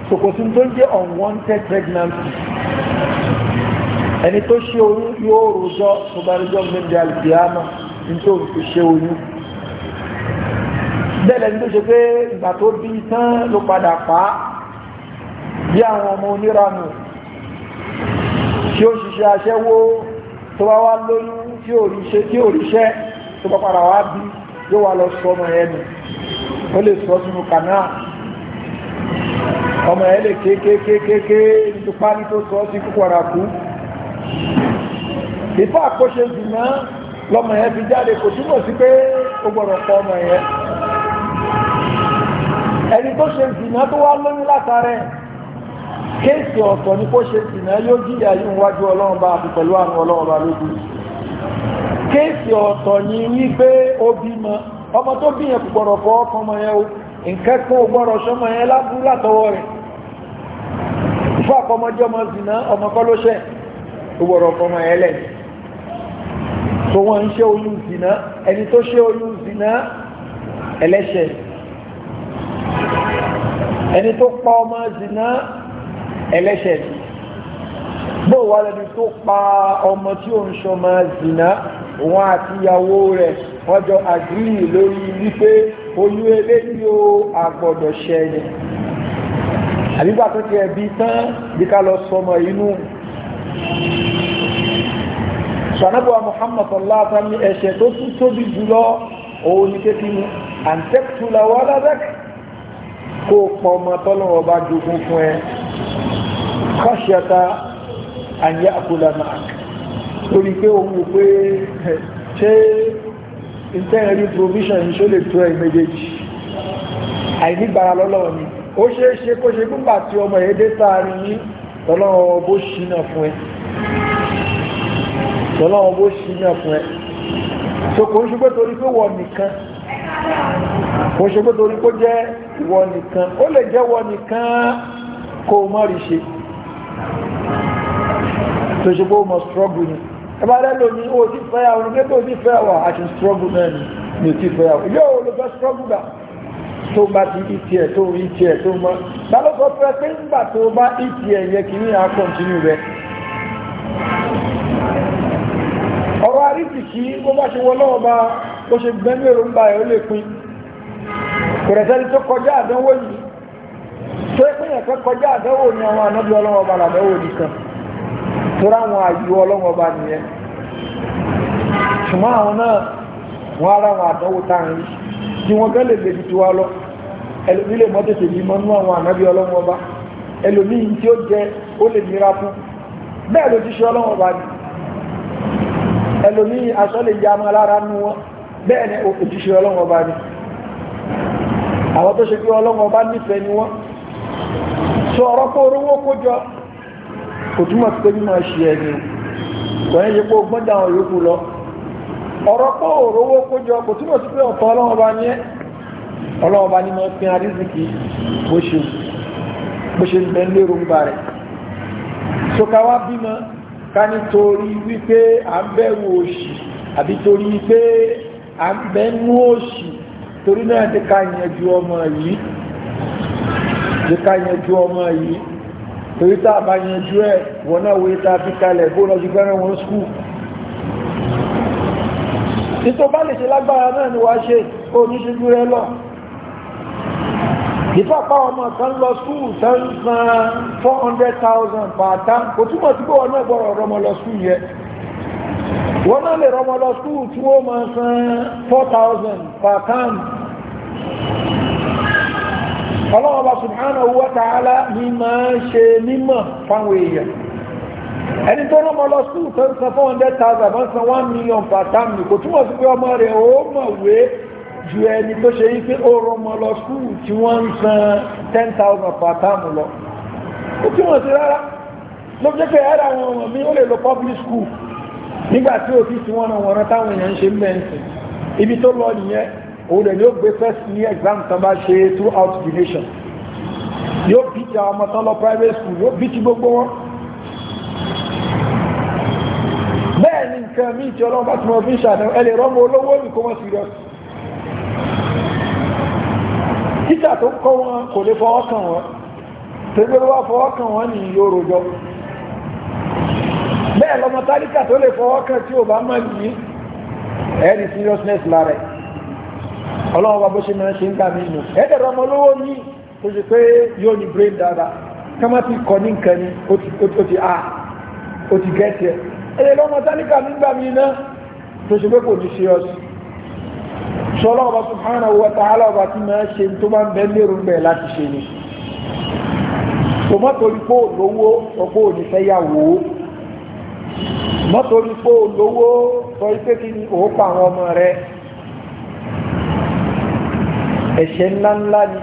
sòkòtí tó jẹ́ unwanted pregnancy ẹni tó ṣẹ́ oyún yóò rojọ́ tó bá rojọ́ gbẹ̀ndẹ̀ alìkìyàmà nítorí fi ṣẹ́ oyún bẹ́ẹ̀lẹ̀ ní tó ṣe pé ìgbà tó bí tán ló padà pa á bí àwọn ọmọ oníranù tí ó ṣiṣẹ́ aṣẹ́wó tó bá wá lóyún tí ò ríṣẹ́ tí ò ríṣẹ́ tó bá padà wá bí yóò wá lọ sọ ọmọ ẹ̀ nù ó lè sọ sínú kànáà ọmọ ẹ̀ lè kéékéékéé nítorí ní tó sọ sí kúkọ̀rà kú ìfọ́ àkóṣe jùlọ lọ́mọ ẹ̀ fi jáde kò túmọ̀ sí pé ó gbọ́dọ̀ pọ̀ ọmọ ẹ̀ ẹni tó ṣe jùlọ tó wá lóyún látara ẹ̀ kéèsì ọ̀tọ̀ ni kó ṣe jùlọ yóò jìyà yìí wájú ọlọ́run bá àti pẹ̀lú àwọn ọlọ́run bá lójú kéèsì ọ̀tọ̀ ni wípé ó bímọ ọmọ tó bí yẹn kò gbọ́dọ̀ fọ́ ọmọ yẹn o nǹkan kan ò gbọ́dọ̀ sọmọ yẹn lábúrú látọwọ́ rẹ̀ fún àkọmọdé ọmọ zìnà ọmọ kọ́ ẹlẹ́ṣẹ̀ pa ọmọ zìnà ẹlẹ́ṣẹ̀ bó wà lẹni tó pa ọmọ tí ó ń ṣọmọ zìnà òun àti ìyàwó rẹ̀ wọ́n jọ àgírí lórí wípé olú eléyìí ó àgbọ̀dọ̀ ṣẹlẹ̀ àbígbà tó ti ẹ̀bí tán bí ká lọ sọmọ inú sọ̀nàbọ̀ Muhammad aláàtà ní ẹ̀ṣẹ̀ tó tún tóbi jùlọ òun ní kékeré ní àǹtẹ́kùtùlà wà ládàk kó pọ̀ ọmọ tọ́lọ́wọ́ bá jogún fún ẹ kọ́ṣẹ́ta àyẹ́ náà torí pé òun wò pé ṣé ìtẹ́ẹ̀rí provision ṣó lè tó ẹ̀ méjèèjì àìnígbàra lọ́lọ́wọ́ ni ó ṣe é ṣe kó ṣe gbúgbà tí ọmọ èdè sáàrí ní lọ́lọ́wọ́ bó ṣínà fún ẹ lọ́lọ́wọ́ bó ṣínà fún ẹ so kò ń ṣe pé torí pé wọ́n nìkan kò ń ṣe torí pé jẹ́ wọ́n nìkan ó lè jẹ́ wọ́n nìkan kó mọ́rí ṣe tó ṣe bó mọ̀ struggle ni ẹbá lẹ́lò ní o ti fẹ́ àwọn onígbé tó ti fẹ́ wà àti struggle náà ni ní ti fẹ́ àwọn ilé òun ló fẹ́ struggle gbà tó bá ti ìtì ẹ̀ tó ń ìtì ẹ̀ tó mọ́ lálọ́sọ fẹ́ pé nígbà tó bá ìtì ẹ̀ yẹ kì ní à continue rẹ̀ ọ̀rọ̀ àríkìkí bó bá ṣe wọlọ́ ọba bó ṣe gbẹ́mẹ̀rọ ń ba ẹ̀ ó lè pin tó kọjá àdánwò yìí tó kọjá àdánwò ni àwọn ànábì ọlọ́wọ́ ọba làdánwò nìkan tóra àwọn àyù ọlọ́wọ́ bá nìyẹn ṣùgbọ́n àwọn náà wọ́n ara àwọn àdánwò táàrin tí wọ́n gẹ́ lè lè jù wá lọ ẹlòmí lè mọ́ tètè bí mọ́nú àwọn ànábí ọlọ́wọ́ bá ẹlòmí tí ó jẹ ó lè nira fún bẹ́ẹ̀ ló ti ṣe ọlọ́wọ́ bá ní ẹlòmí aṣọ lè ya máa lára nú wọn bẹ́ẹ̀ ni ó ti ṣe ọlọ́wọ́ bá ní àwọn tó ṣe pé ọlọ́wọ́ bá nífẹ̀ẹ́ ni wọ́n sọ ọ̀rọ̀ orówó kó kò túmọ̀ sí pé mímọ̀ ṣe ẹni kò yẹn yẹ kó gbọ́dọ̀ àwọn yòókù lọ ọ̀rọ̀ pọ̀ òrówó kójọ kò túmọ̀ sí pé ọ̀tọ̀ ọlọ́wọ́ bá ní ẹ́ ọlọ́wọ́ bá ní mọ́ pín arísìkì bó ṣe bó ṣe ń bẹ ń lérò ń ba rẹ̀ so ká wá bímọ ká ní torí wípé à ń bẹ̀rù òṣì àbí torí wípé à ń bẹ̀rù òṣì torí náà ti ká yẹn ju ọmọ yìí ti ká yẹn ju ọmọ yìí torí tá a bá yanjú ẹ̀ wọ́n náà wòye tá a fi kalẹ̀ bó lọ sí fẹ́ràn wọn skú títọ́ bá lè ṣe lágbára náà ni wá ṣe ó ní ṣe jù lọ ìfàpá ọmọ kan lọ skúù tán san 400,000 pàtà kò túmọ̀ sí pé náà gbọ́rọ̀ rọmọ lọ skúù yẹ wọ́n náà lè rọmọ lọ skúù tí wọ́n máa san 4,000 pàtà ọlọ́ọ̀bá subhanahu wa ta'ala ní máa ń ṣe mímọ̀ fáwọn èèyàn ẹni tó rán ọmọ lọ sùúrù tó ń san four hundred thousand wọ́n san one million per term kò túmọ̀ sí pé ọmọ rẹ̀ ó mọ̀wé ju ẹni tó ṣe yí pé ó rán ọmọ lọ sùúrù tí wọ́n ń san ten per term lọ ó túmọ̀ sí rárá ló jẹ́ pé ẹ̀rọ àwọn ọmọ mi ó lè lọ public school nígbà tí òfin tí wọ́n ràn wọ́n táwọn èèyàn ń ṣe mẹ́ǹsì ibi tó lọ nìyẹn òun rẹ̀ yóò gbé first year exam tán bá ṣe throughout the nation yóò bí ti àwọn ọmọ lọ private school yóò bí ti gbogbo wọn bẹ́ẹ̀ ni nǹkan míì tí ọlọ́run bá ti mọ̀ fi ń ṣàdánwò ẹ lè rọ́mọ olówó mi kó wọ́n serious títà tó kọ́ wọn kò lè fọwọ́ kàn wọ́n tẹ́gbẹ́rẹ́ wá fọwọ́ kàn wọ́n ní yóò rojọ́ bẹ́ẹ̀ lọ́mọ tálíkà tó lè fọwọ́ kàn tí ò bá mọ̀ nìyí ẹ̀rí seriousness lára ẹ̀ ọlọ́wọ́ bá bó ṣe máa ṣe ń gbà mí nù ẹ̀ẹ́dẹ̀rọ ọmọ olówó ní tó ṣe pé yóò ní brain dáadáa kama ti kọ ní nǹkan ni ó ti a ó ti ah, gẹ́ẹ̀tì ẹ̀ ẹ̀yẹ lọ́mọ tálíkà nígbà mí náà tó ṣe pé kò ní ṣe ọ̀sì ṣọlọ́ ọba subhanahu wa ta'ala ọba tí máa ṣe tó máa ń bẹ lérò ń bẹ̀ láti ṣe ni tòmọ́tòrí pé olówó sọ pé ò ní fẹ́ yàwó mọ́tòrí pé olówó sọ pé kí ni òun pa àwọn ọmọ rẹ̀ ẹ̀ṣẹ̀ ńláńlá ni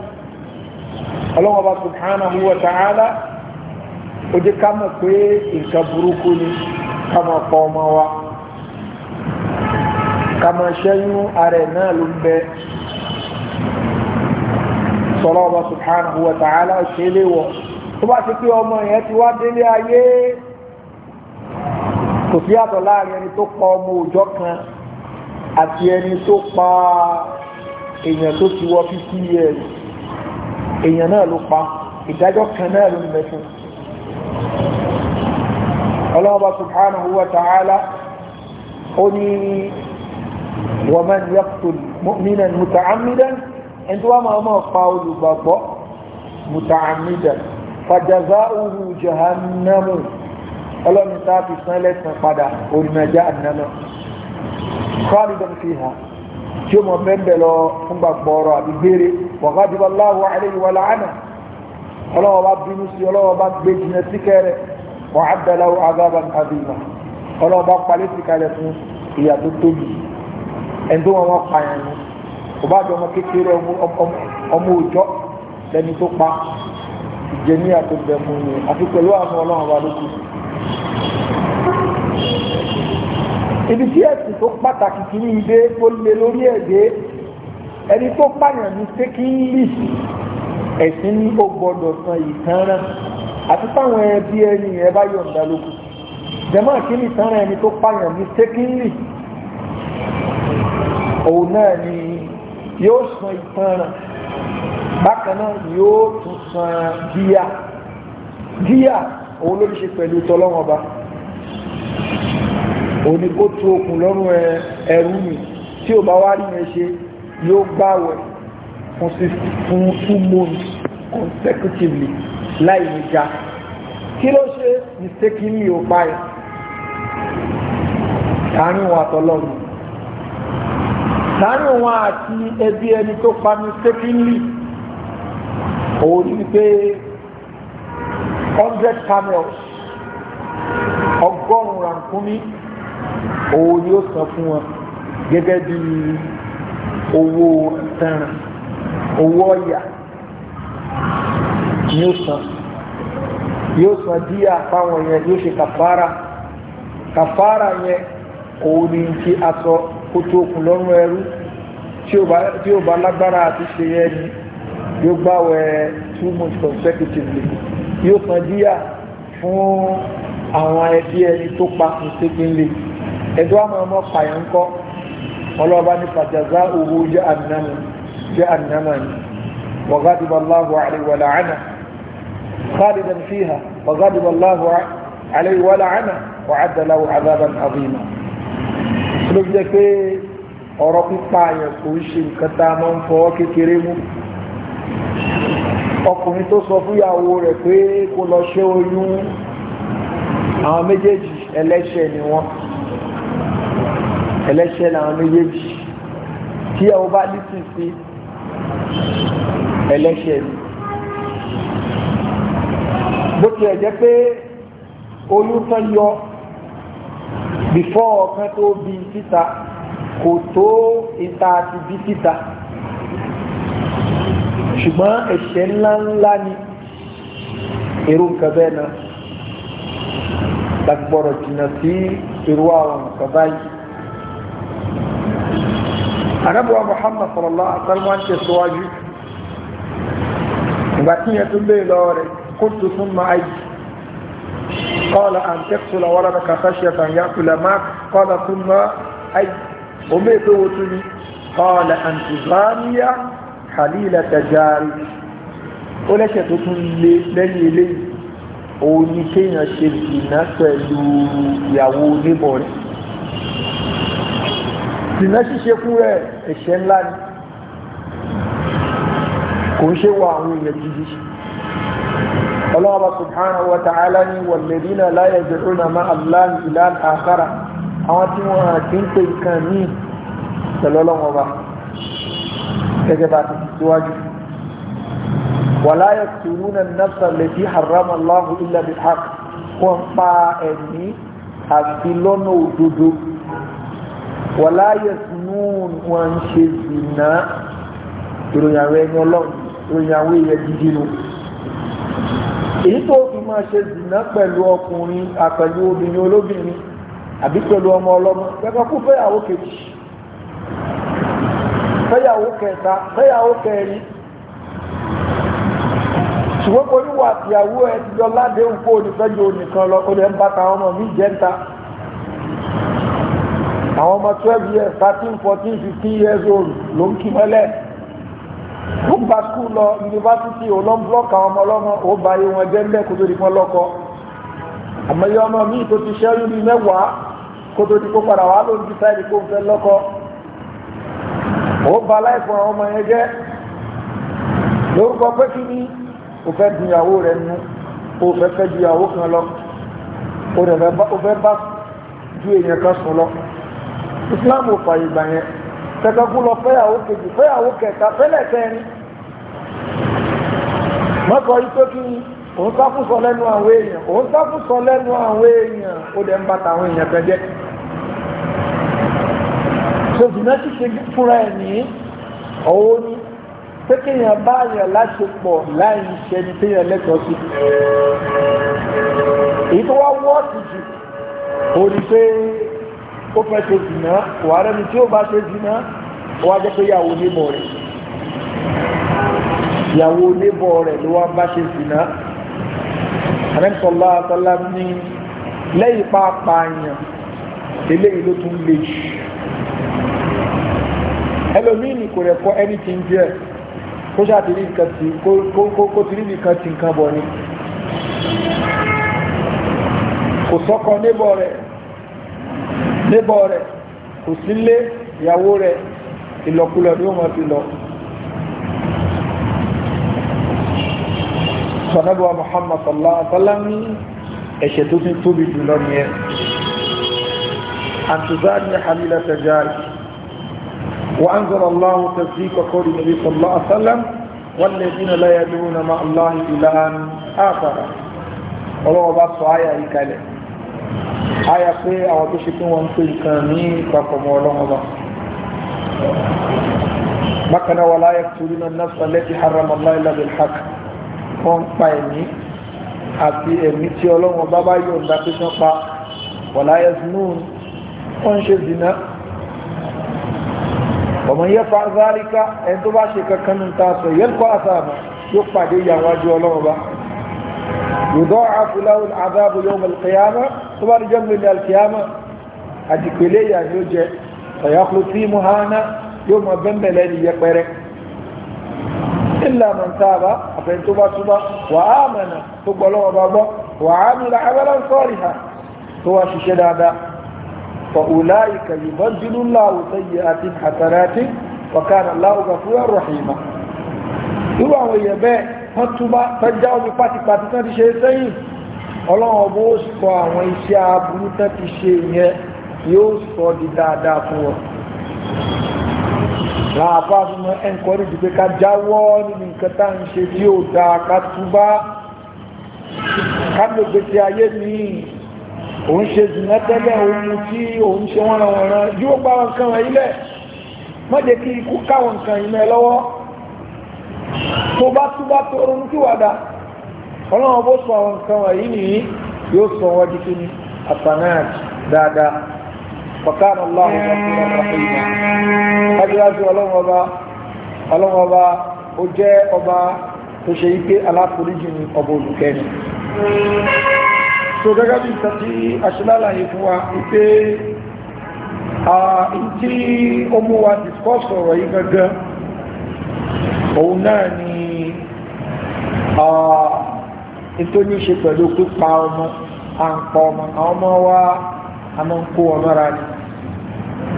ọlọ́wọ́ba subhanahu wa ta'ala ó jẹ́ ká mọ̀ pé nǹkan burúkú ni ká máa pa ọmọ wa ká máa ṣẹ́yún ara ẹ̀ náà ló ń bẹ sọlọ́wọ́ba subhanahu wa ta'ala ṣe é léwọ̀ tó bá ti pé ọmọ yẹn ti wá délé ayé kò sí àtọ̀ láàrin ẹni tó pa ọmọ òòjọ́ kan àti ẹni tó pa á èèyàn tó ti wọ fifty years èèyàn náà ló pa ìdájọ́ kan náà ló ń bẹ fún ọlọ́ọ̀bá subhanahu wa ta'ala ó ní wa man yaqtul mu'minan muta'ammidan ẹni tó wá máa máa pa olùgbàgbọ́ muta'ammidan fajaza'uhu jahannamu ọlọ́ni fi sán lẹ́sàn padà onímọ̀já ànámọ́ tí ó mọ bẹ́ẹ̀ lọ fún gbàgbọ́ ọ̀rọ̀ àbí gbére wàhálà aláwọ̀ àlẹ́yìn wà láàánà ọlọ́wọ́ bá bínú sí ọlọ́wọ́ bá gbé jìnà sí kẹrẹ wàhálàláwọ̀ azaban abima ọlọ́wọ́ bá palẹ́ sí kalẹ̀ fún ìyà tó tóbi ẹni tó wọn wọn pààyàn ni kò bá jọ ọmọ kékeré ọmọ òjọ́ lẹni tó pa ìjẹníyà tó bẹ̀ mú ni àti pẹ̀lú àwọn ọlọ́wọ́ bá lókù ibi tí ẹ̀sìn tó pàtàkì kì í dé tó lé lórí ẹ̀dẹ́ ẹni tó pààyàn ní sékìlì ẹ̀sìn ní ó gbọdọ̀ san ìtanràn àti táwọn ẹbí ẹni ẹ bá yọ̀ǹda lóko jẹ́mọ́ kí ní ìtanràn ẹni tó pààyàn ní sékìlì òun náà ni yóò san ìtanràn bákan náà yóò tún san díà díà òun ló ṣe pẹ̀lú tọlọ́wọ́n ọba òní kó tú okùn lọ́rùn ẹrú mi tí ò bá wá rí yẹn ṣe yóò gbàwẹ̀ fún two months consecutively láì ní já kí ló ṣe mistakenly ó pa ẹ̀ láàrin òun àtọlọ́run láàrin òun àti ẹbí ẹni tó pa mistakenly òun ní pé hundred camels ọgọ́rùn-ún rànkúnmí owó ni ó san fún wọn gẹ́gẹ́ bí owó tanràn owó ọ̀yà ni ó san yóò san díà fáwọn yẹn yóò ṣe kàfàrà kàfàrà yẹn òun ni ti aṣọ kó tó okùn lọ́rùn ẹrú tí ó bá lágbára àti ṣe yẹn ni yóò gbàwẹ̀ two months consecutively yóò san díà fún àwọn ẹbí ẹni tó pa mistakenly ẹ̀dọ́ àmọ́ ọmọ pààyàn kọ́ ọlọ́ba ní fàjàzá òhu jẹ́ ànámù jẹ́ ànámù ni وغضب الله عليه ولعنه خالدا فيها وغضب الله عليه ولعنه وعد له عذابا عظيما ló jẹ́ pé ọ̀rọ̀ pípa àyàn kò ń ṣe nǹkan tá a máa ń fọwọ́ kékeré mú ọkùnrin tó sọ fúyàwó rẹ̀ pé kó lọ ṣe oyún àwọn méjèèjì ẹlẹ́ṣẹ̀ ni wọ́n ẹlẹ́ṣẹ̀ làwọn méjèèjì tí ẹ̀ wọ́n bá lísì sí ẹlẹ́ṣẹ̀ ni bó tiẹ̀ jẹ́ pé olùtọ́ yọ bìfọ́ ọ̀kan tó bí síta kò tó ìta àti bí síta ṣùgbọ́n ẹ̀ṣẹ̀ ńláńlá ni irú nǹkan bẹ́ẹ̀ náà lágbọ́rọ̀ jìnnà sí irú àwọn nǹkan báyìí anábọ̀wá Muhammad sallallahu alaihi wasallam wọ́n ṣe síwájú ìgbà tí yẹn tún lè lọ rẹ̀ kó tó fún ma ayé قال أن تقتل ولدك خشية أن يأكل معك قال ثم أي أميت وتني قال أن تزاني حليلة جارك ó lẹ́sẹ̀ tó tún lé lẹ́yìn eléyìí òun ni kéèyàn ṣe ìná sìnà ṣíṣe fún rẹ̀ ẹ̀ṣẹ̀ ńlá ni kò ń ṣe wọ àwọn èèyàn gidi ọlọ́wọ́ subhanahu wa ta'ala ni walladhina la yad'una ma'a Allahi ilahan akhara àwọn tí wọ́n ti ń pè nǹkan míì pẹ̀lú ọlọ́wọ́ bá gẹ́gẹ́ bá ti síwájú wala yaqtuluna an-nafsa allati harrama Allahu illa bil-haqq wọ́n pa ẹ̀mí àti lọ́nà òdodo wọ̀lá yẹ̀sùnú wọn ń ṣe zìnà ìròyìn àwọn ẹni ọlọ́run ìròyìn àwọn èèyàn gidi nu èyí tó fi máa ṣe zìnà pẹ̀lú ọkùnrin àpẹ̀lú obìnrin olóbìnrin àbí pẹ̀lú ọmọ ọlọ́mọ kẹ́kọ̀ọ́ kú fẹ́yàwó kejì fẹ́yàwó kẹta fẹ́yàwó kẹrin ṣùgbọ́n kò ní wà tìyàwó ẹ ti lọ ládé òkú onífẹ́jọ nìkan lọ ó lè ń bàtà ọmọ mi jẹ́ta àwọn ọmọ twelve years thirteen fourteen fifteen years old ló ń kí mọ́lẹ̀ ó gba skul lọ yunifásitì ò lọ́n blọ́ọ̀kì àwọn ọmọ ọlọ́mọ ó ba ayé wọn jẹ́ ńlẹ̀ kó tó di pọ́n lọ́kọ àmọ́yé ọmọ míì tó ti ṣẹ́yún ní mẹ́wàá kó tó di kó padà wá ló ń dísáìdì kó ń fẹ́ lọ́kọ ó ba láìpọ̀ àwọn ọmọ yẹn jẹ́ lórúkọ pé kí ni o fẹ́ dunyàwó rẹ̀ nu o fẹ́ fẹ́ dunyàwó kan lọ o fẹ́ bá ju èèyàn kan sùn lọ islam ò fàyè gbà yẹn kẹkẹkú lọ fẹ́yàwó kejì fẹ́yàwó kẹta fẹ́lẹ̀ kẹrin mọ́kọ̀ yìí tó kí òun sáfúsọ lẹ́nu àwọn èèyàn òun sáfúsọ lẹ́nu àwọn èèyàn ó dẹ̀ ń bàtà àwọn èèyàn fẹ́jẹ́ so jìnnà ti ṣe fúnra ẹ̀ ní ọ̀wọ́ ní pé kéèyàn bá yàn láṣepọ̀ láì ṣe ní téèyàn lẹ́tọ̀ọ́ sí èyí tó wá wọ́ọ̀tì jù ó pé ó fẹ́ ṣe jìnà wà rẹ́ni tí ó bá ṣe jìnà wà jẹ́ pé ìyàwó níbọ̀ rẹ̀ ìyàwó níbọ̀ rẹ̀ ló wá bá ṣe jìnà àrẹ́sọ̀lá àtọ́lá ní lẹ́yìn pàápàá àyàn eléyìí ló tún lè jù ẹlòmíì ní kò rẹ̀ fọ́ anything díẹ̀ kó ṣàtìrí nǹkan tí kó tìrí nǹkan tí nǹkan bọ̀ ni kò sọ́kọ níbọ̀ rẹ̀ lébọ̀ rẹ̀ kò sílé ìyàwó rẹ̀ ìlọ̀kulọ̀ ni ó mọ̀ sí lọ. sọ̀nẹ́bọ̀ Muhammad sallallahu alaihi wa sallam ní ẹ̀ṣẹ̀ tó ti tóbi jùlọ nìyẹn àtúzáàdì àmìlẹ̀ tẹ̀jáàrì وأنزل الله تصديق قول النبي صلى الله عليه وسلم والذين لا يدعون مع الله إلها آخر ọlọ́wọ́ bá sọ ayà ìkàlẹ̀ àyà pé àwọn tó ṣe pé wọ́n ń pè nǹkan ní ìpapọ̀ mọ́ ọlọ́wọ́n bá bákan náà wà láyé torí náà nafsa lẹ́tí haramallah illa bil haqq wọ́n ń pa ẹ̀mí àti ẹ̀mí tí ọlọ́wọ́n bá bá yọ̀ǹda pé sán pa wà láyé zinun wọ́n ṣe zina ọmọ yẹ fa zálíkà ẹni tó bá ṣe kankan nù ta sọ yẹ kó àtàmà yóò pàdé ìyàwó àjọ ọlọ́wọ́n bá yudha'afu lahu al-'adhabu yawm al-qiyamah tó bá dijọ́ mi ní alkiyama àti pèlè yà ni ó jẹ ọ̀yàkùn tí muhana yóò mọ bẹ́ńbẹ̀lẹ́ ni yẹpẹrẹ illa man taba àfẹ́ tó bá túbá wà á mẹ́nà tó gbọ́ lọ́wọ́ bá gbọ́ wà á nílà abẹ́lẹ́ sọ́ọ̀rì ha tó wá ṣiṣẹ́ dáadáa فأولئك يبدل الله سيئات حسنات وكان الله غفورا رحيما يبقى ويبقى wọ́n túbá tọ́já omi pátipàti tán ti ṣe sẹ́yìn ọlọ́run ọbọ̀ ó sọ àwọn iṣẹ́ aburú tán ti ṣe yẹn yóò sọ di dáadáa fún wọn láàbá fún wọn ẹnkọ́rí dìbẹ́ ká jáwọ́ nínú nǹkan tá à ń ṣe tí ó dáa ká túbá ká lògbé ti ayé míì òun ṣe jìnà tẹ́lẹ̀ ohun tí òun ṣe wọ́n ràn wọ́n ràn yóò gbá wọn kan wọ̀nyí lẹ̀ má kí ikú káwọn nǹkan yìí lọ́wọ́ tó bá túbá tó ronú kí wàdà ọlọ́run bó sọ àwọn nǹkan nìyí yóò sọ wọ́n di kíni asanaj dáadáa bàkánà ọlọ́run ọ̀sán ọ̀sán ìmọ̀ kájíláṣí ọlọ́run ọba ọlọ́run ọba ó jẹ́ ọba tó ṣe yí pé aláforíjì ni ọba gẹ́gẹ́ bí fún wa wípé òun náà ni ètò ní ṣe pẹ̀lú pípa ọmọ àǹpa ọmọ àwọn ọmọ wa a máa ń kó ọmọ ra ni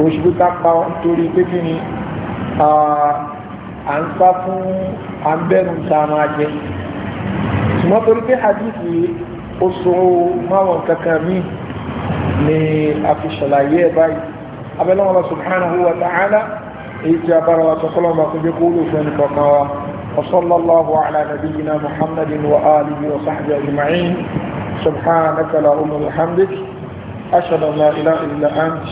òṣìṣẹ́ ká pa torí pé kí ni à ń sá fún à ń bẹ̀rù tá a máa jẹ ṣùgbọ́n torí pé hadith ó so máwọn kankan míì ni a fi ṣàlàyé ẹ̀ báyìí abẹ́lẹ́wọ̀n lọ subhanahu wa ta'ala. èyí tí a bára wa وصلى الله على نبينا محمد وآله وصحبه أجمعين سبحانك اللهم وبحمدك أشهد أن لا إله إلا أنت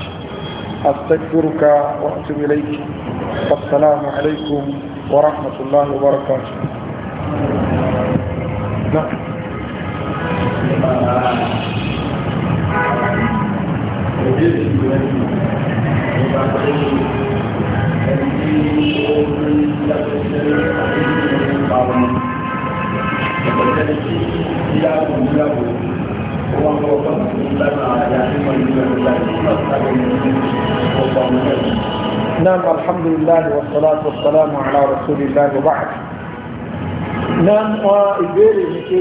أستغفرك وأتوب إليك والسلام عليكم ورحمة الله وبركاته نعم. Thank you. نعم الحمد لله والصلاة والسلام على رسول الله وبعد نعم ìbéèrè ni pé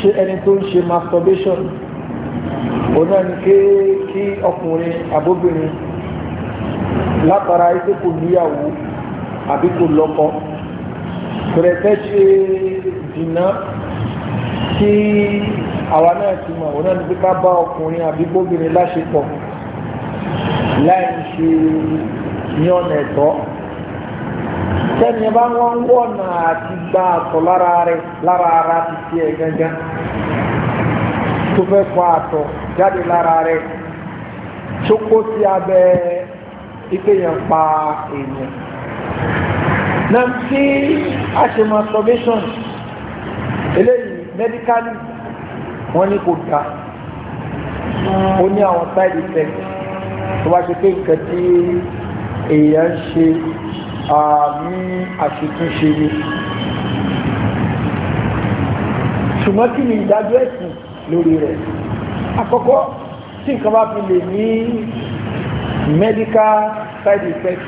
ṣé ẹni tó ń ṣe masturbation òun náà ni pé kí ọkùnrin àbóbìnrin látara ike kò níyàwó àbí kò lọ́kọ pẹ̀rẹ̀tẹ́ ṣe dìnnà kí àwa náà ti mọ̀ òun náà ní ká bá ọkùnrin àbí gbóbìnrin láṣepọ̀ láì ṣe ní ọ̀nà ẹ̀tọ́ sẹ́ni bá wọ́n ń wọ̀nà àti gba àtọ̀ lára rẹ̀ lára ara ti ti ẹ̀ gángan tó fẹ́ fọ àtọ̀ jáde lára rẹ̀ tó kó sí abẹ́ ipe yẹn pa èèyàn náà tí a ṣe masturbation eléyìí medically wọ́n ní kò dá ó ní àwọn side effects tó bá ṣe pé nǹkan tí èèyàn ṣe àmì àṣetúnṣe ni ṣùgbọ́n kí ni ìdájọ́ ẹ̀sìn lórí rẹ̀ àkọ́kọ́ tí nǹkan bá fi lè ní medical side effect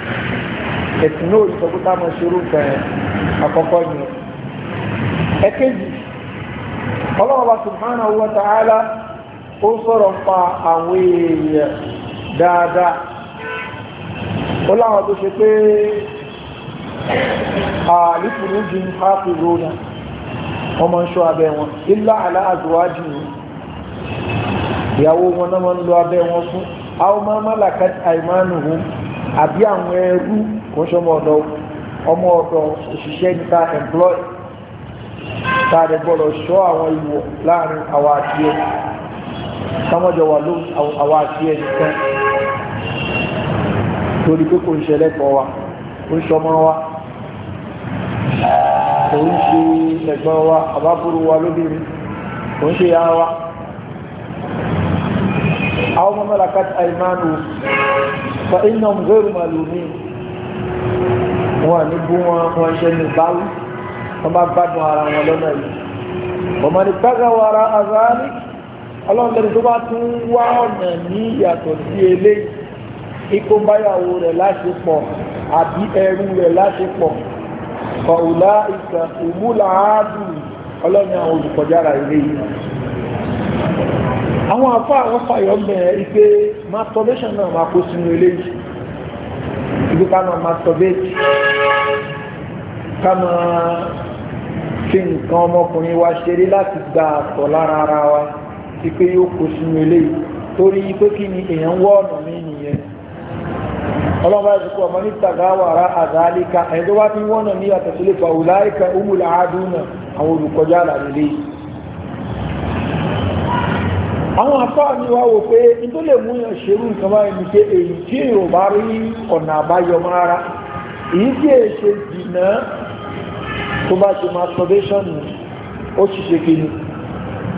ẹ̀sìn náà ìsọ̀kúta mọ̀ ṣerú kan àkọ́kọ́ ni ẹ̀kejì ọlọ́wọ́ subhanahu wa ta'ala ó sọ̀rọ̀ pa àwọn èèyàn dáadáa ó láwọn tó ṣe pé àlìkùnrin jù ń hápì rónà wọ́n máa ń ṣọ́ abẹ́ wọn ilá aláàzọ́wájì ìyàwó wọn náà máa ń lo abẹ́ wọn fún àwọn máa mọ́lá àìmánuhùn àbí àwọn ẹrú kò ń ṣọmọ ọ̀dọ̀ ọmọ ọ̀dọ̀ òṣìṣẹ́ níta employ tààrẹ gbọ́dọ̀ ṣọ́ àwọn ìwọ̀ láàrin àwa àti ẹ̀ sọmọjọ wà ló àwa àti ẹ̀ nìkan torí pé kò ń ṣẹlẹ̀ kọ́ wa kò ń ṣọmọ wa kò ń ṣe ẹ̀gbọ́n wa àbábúrú wa lóbìnrin kò ń ṣe ya wa àwọn ọmọ mẹ́lá káàkiri àìmánu fa iná mùgbẹ́rù màlúmi wọn ní bú wọn wọn ṣe ní báwí wọn bá gbádùn ara wọn lọ́nà yìí ọmọ ní gbága wàrà azáàlì ọlọ́ọ̀lẹ́ni tó bá tún wá ọ̀nà ní ìyàtọ̀ sí eléyìí ikó báyàwó rẹ̀ láṣepọ̀ àbí ẹrú rẹ̀ láṣepọ̀ fa àwọn afá àwọn fàyọ̀ bẹ̀rẹ̀ ipe masturbation náà máa kó sínú eléyìí ibi ká máa masturbate ká máa fi nǹkan ọmọkùnrin wa ṣeré láti gba àtọ̀ lára ara wa ipe yóò kó sínú eléyìí torí pé kí ni èèyàn wọ́ ọ̀nà mi nìyẹn ọlọ́mọ ẹ̀sùn kú ọmọ níta gáwàrá àdáálíkà ẹ̀dọ́ wá fi wọ́nà ní àtẹ̀sílẹ̀ fàwùláìkà umùlà àádúnà àwọn olùkọjá àlàlẹ́ yìí àwọn afáà ni wá wò pé n tó lè mú yàn ṣerú nǹkan báyìí ni pé èyí tí èrò bá rí ọ̀nà àbáyọ mọ́ ara èyí tí èyí ṣe dìnà tó bá ṣe masturbation ó sì ṣe kíni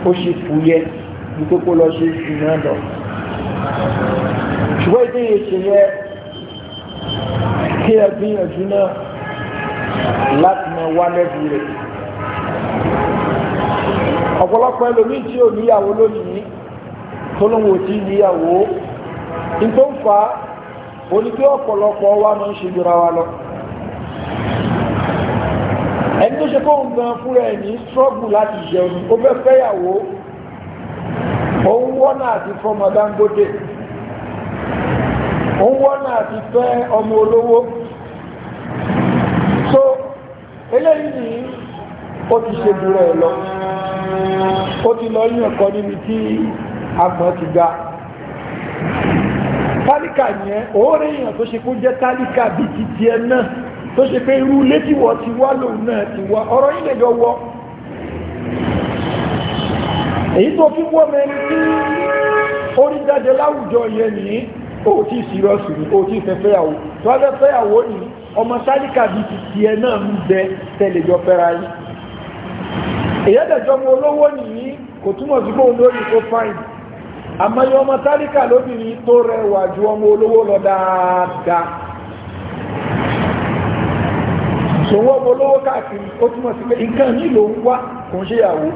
ó sì fúyẹ́ ní pé kó lọ ṣe dìnà lọ ṣùgbọ́n ìdí èyí ṣe yẹ kí ẹ gbìyànjú náà láti máa wá lẹ́bi rẹ̀ ọ̀pọ̀lọpọ̀ ẹlòmíì tí ò níyàwó lónìí tọ́lọ́wọ́ tí níyàwó in tó ń fa oníkí ọ̀pọ̀lọpọ̀ wa máa ń ṣe jọra wa lọ ẹni tó ṣe kóhùn gan fúnra ẹ̀ ní strọ́gù láti jẹun ó fẹ́ fẹ́yàwó òun wọ́nà àti fọmọ Dangote òun wọ́nà àti fẹ́ ọmọ olówó so eléyìí ni ó ti ṣe jùlọ ẹ̀ lọ ó ti lọ yín níbi tí àmọ́ ti ga tálíkà yẹn òórè èèyàn tó ṣe kó jẹ́ tálíkà bí ti tiẹ̀ náà tó ṣe pé irú ilé tí wọ́n ti wá lòun náà ti wá ọ̀rọ̀ yìí lè jọ wọ́ èyí tó fi wọ́ mẹ́rin tí orí jáde láwùjọ yẹn nìyí ó ti sírọ́sì ní ó ti fẹ́fẹ́yàwó tó wájẹ́ fẹ́yàwó ní ọmọ sáríkà bí ti ti ẹ náà ń bẹ tẹ́lẹ̀jọ fẹ́ra yìí èyẹ́dẹ̀jọ́ mọ olówó nìyí kò túmọ̀ sí pé olórí tó fáìn àmọ́yọ ọmọ tálíkà lóbìnrin tó rẹwà ju ọmọ olówó lọ dáadáa ṣòwò ọmọ olówó káàkiri ó túmọ̀ sí pé nǹkan ní ló ń wá kò ń ṣèyàwó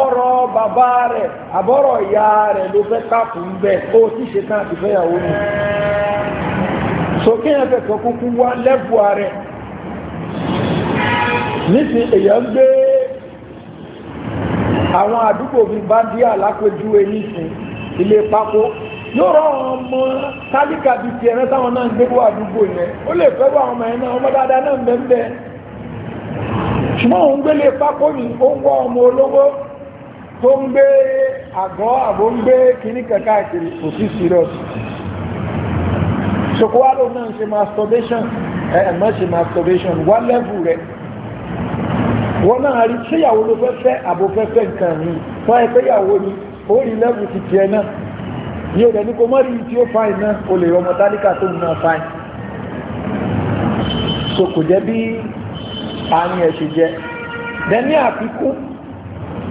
ọ̀rọ̀ bàbá rẹ̀ àbọ̀rọ̀ ìyá rẹ̀ ló fẹ́ káàkù ń bẹ̀ ó sì ṣe tán àti fẹ́yàwó nù sókè yẹn fẹ̀kọ́ kúkú wá lẹ́bùú rẹ̀ nísìnyí èèyàn gbé àwọn àdúgbò bíi bandia lápẹjúwe nísìn ilé pákó yóò rọ àwọn ọmọ tálíkà bíi tiẹ̀ náà táwọn náà ń gbé wọ àdúgbò yẹn ó lè fẹ́ wọ àwọn ọmọ yẹn náà ọmọ dáadáa náà ń bẹ́ẹ̀ bẹ́ẹ̀ ṣùgbọ́n òun gbélé pákó ni ó ń wọ ọmọ olówó tó ń gbé àgọ́ àbò ń gbé kíní kẹ̀kẹ́ àkiri kò sí serious ṣokòwálò náà ń ṣe masturbation ẹ̀ ẹ̀ mọ́ ṣe masturbation wá lẹ́bù rẹ̀ wọn náà rí ṣéyàwó ló fẹ́ fẹ́ àbò fẹ́ fẹ́ nǹkan mi wọ́n ẹ ni ó rí lẹ́bù ti tiẹ̀ náà yìí ò dẹ̀ni kò mọ́ rí tí ó fáìn náà o lè rọmọ tálíkà tó náà fáìn so kò jẹ́ bí àárín ẹ̀ ṣe jẹ́ dẹ́ni àfikún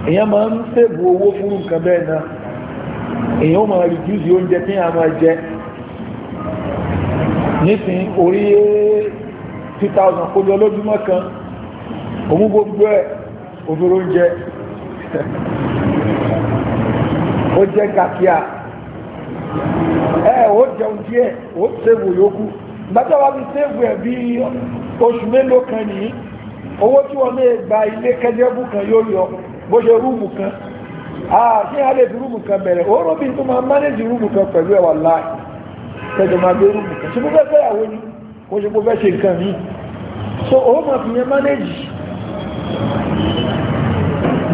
èèyàn máa ń sèbù owó fún nǹkan bẹ́ẹ̀ náà èèyàn máa rìdúsì oúnjẹ tí a máa jẹ nísìn orí 2000 kó lójúmọ́ kan òun gbogbo ẹ̀ òdòrò oúnjẹ ó jẹ́ kàkíà ẹ̀ ó jẹun díẹ̀ ó sèwò yókù gbájọ́ wa fi sèwò ẹ̀ bí oṣù mélòó kan nìyí owó tí wọ́n lè gba ilé kẹjẹ́bù kan yóò yọ bó ṣe rúùmù kan àti alẹ́ fi rúùmù kan bẹ̀rẹ̀ òórùn bí tó máa mánéjì rúùmù kan pẹ̀lú ẹ̀wà láì tẹ́jọ máa gbé rúùmù kan ṣe mo fẹ́ fẹ́ ni kò ṣe mo fẹ́ ṣe nǹkan mi so òun máa fi yẹn mánéjì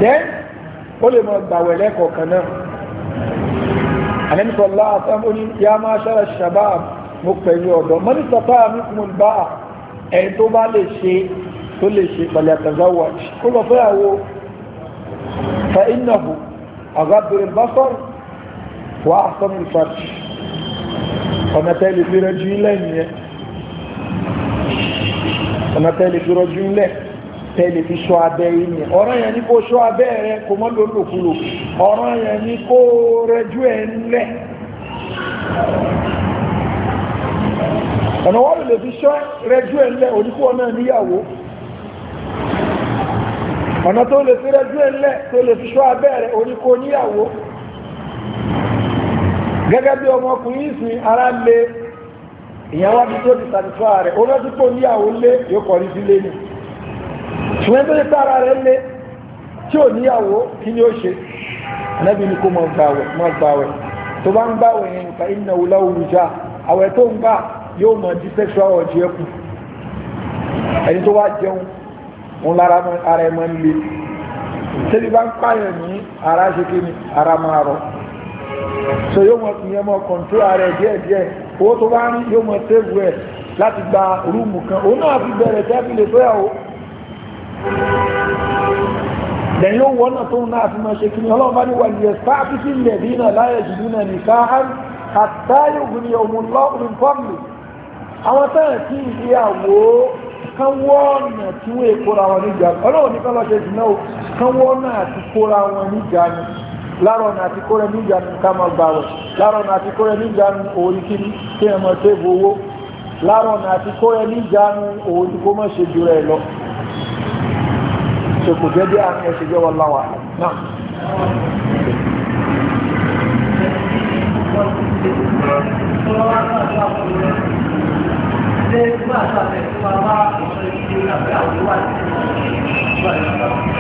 then ó lè mọ̀ gbàwẹ̀ lẹ́kọ̀ọ̀kan náà àlẹ́mìsọ̀lá àtàmó ní yá máa ṣára shabab mo pẹ̀lú ọ̀dọ́ mọ́nìsọ̀tà mi kún un bá ẹni tó bá lè ṣe tó lè ṣe pẹ̀lú àtàzáwà kó lọ fẹ́ àwo fa innahu agbábìrin bá sọ̀rọ̀ ọ̀nà tẹ́lẹ̀ fi rẹ̀ ilẹ̀ tẹ́lẹ̀ fi ṣọ́ abẹ́ yìí ni ọ̀rọ̀ yẹn ni kó ṣọ́ abẹ́ rẹ kò mọ́ lòlòkulò ọ̀rọ̀ yẹn ni kó rẹjú ẹ̀ ńlẹ̀ ọ̀nà wọ́n lè fi ṣọ́ rẹjú ẹ̀ ńlẹ̀ oníkúwọ́ náà níyàwó ọ̀nà tó lè fi rẹjú ẹ̀ ńlẹ̀ tó lè fi ṣọ́ abẹ́ rẹ oníkó níyàwó gẹ́gẹ́ bí ọmọkùnrin ìsìn ara lè ìyàwó àti ti sàtìfà rẹ̀ ó rẹ́jú tó níyàwó lé yóò kọ̀rí sílé ni ṣùgbọ́n tó yẹ pé ara rẹ̀ lé tí ò níyàwó kí ni ó ṣe anábì ní kó máa gbàwẹ̀ máa gbàwẹ̀ tó bá ń gbàwẹ̀ yẹn nǹkan iná wùlá òrùjà àwẹ̀ tó ń gbà yóò mọ̀ di sexual ọ̀jì ẹ̀kù ẹni tó wá jẹun òun lára ara ẹ̀ ń le tẹ́lẹ̀ bá ń pààyàn ní ara ṣe kí ni ara máa rọ̀ so yóò mọ̀ ìyẹn mọ̀ kọ̀ǹtó ara ẹ̀ díẹ̀díẹ̀ owó tó bá ń yóò mọ̀ tẹ́gù ẹ̀ láti gba rúùmù kan òun náà fi bẹ̀rẹ̀ tẹ́fìlẹ̀ lẹ́yìn ó wọ́n náà tó ń náà fi máa ṣe kíni ọlọ́run bá ní wà lè sá títí ilẹ̀ bí náà láyé jù nínú ẹni sáhán àtàyè ògùnì ọmọ lọ́rùn pọ́ọ̀lù àwọn táyà kan wọ́ọ̀nà tí wọ́n èkóra wọn níjà ọlọ́run ní kọ́lọ́ ṣe kan kóra wọn náà kóra ká máa gbà wọ̀ náà kóra kí ni kí ẹ máa tẹ́bù owó so kò jẹ́ bí àmì ẹ̀ṣẹ̀ jẹ́ wọn láwà náà.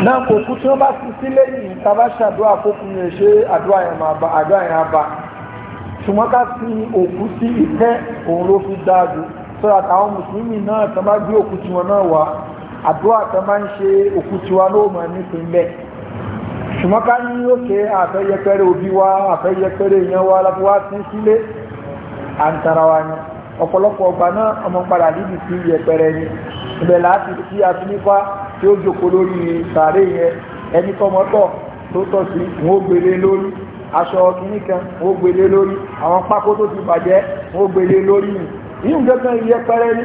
náà kò kú tí wọ́n bá fi sílẹ̀ yìí tá a bá ṣàdúrà kókù yẹn ṣe àdúrà yẹn máa bá àdúrà yẹn á bá ṣùgbọ́n ká fi òkú sí ìtẹ́ òun ló fi dáa jù sọ́ra táwọn mùsùlùmí náà tá a bá gbé òkú tiwọn náà wá àdúrà tó máa ń ṣe òkú tiwa náà mọ̀ nípìn bẹ́ẹ̀ ṣùgbọ́n ká ní òkè àfẹ́yẹpẹ́rẹ́ òbí wa àfẹ́yẹpẹ́rẹ́ èèyàn wa láti wá sí sílé à ń tara wa ni ọ̀pọ̀lọpọ̀ ọgbà náà ọmọ padà níbi tí yẹpẹrẹ ni ibẹ̀ láti tí a fi nípa tí ó jòkó lórí sàárè yẹn ẹni tọmọtọ̀ tó tọ̀ sí wọn ó gbélé lórí aṣọ kìíní kan wọn ó gbélé lórí àwọn pákó tó ti bàjẹ́ wọn ó gbélé lórí yìí gẹ́gẹ́ yẹpẹrẹ ni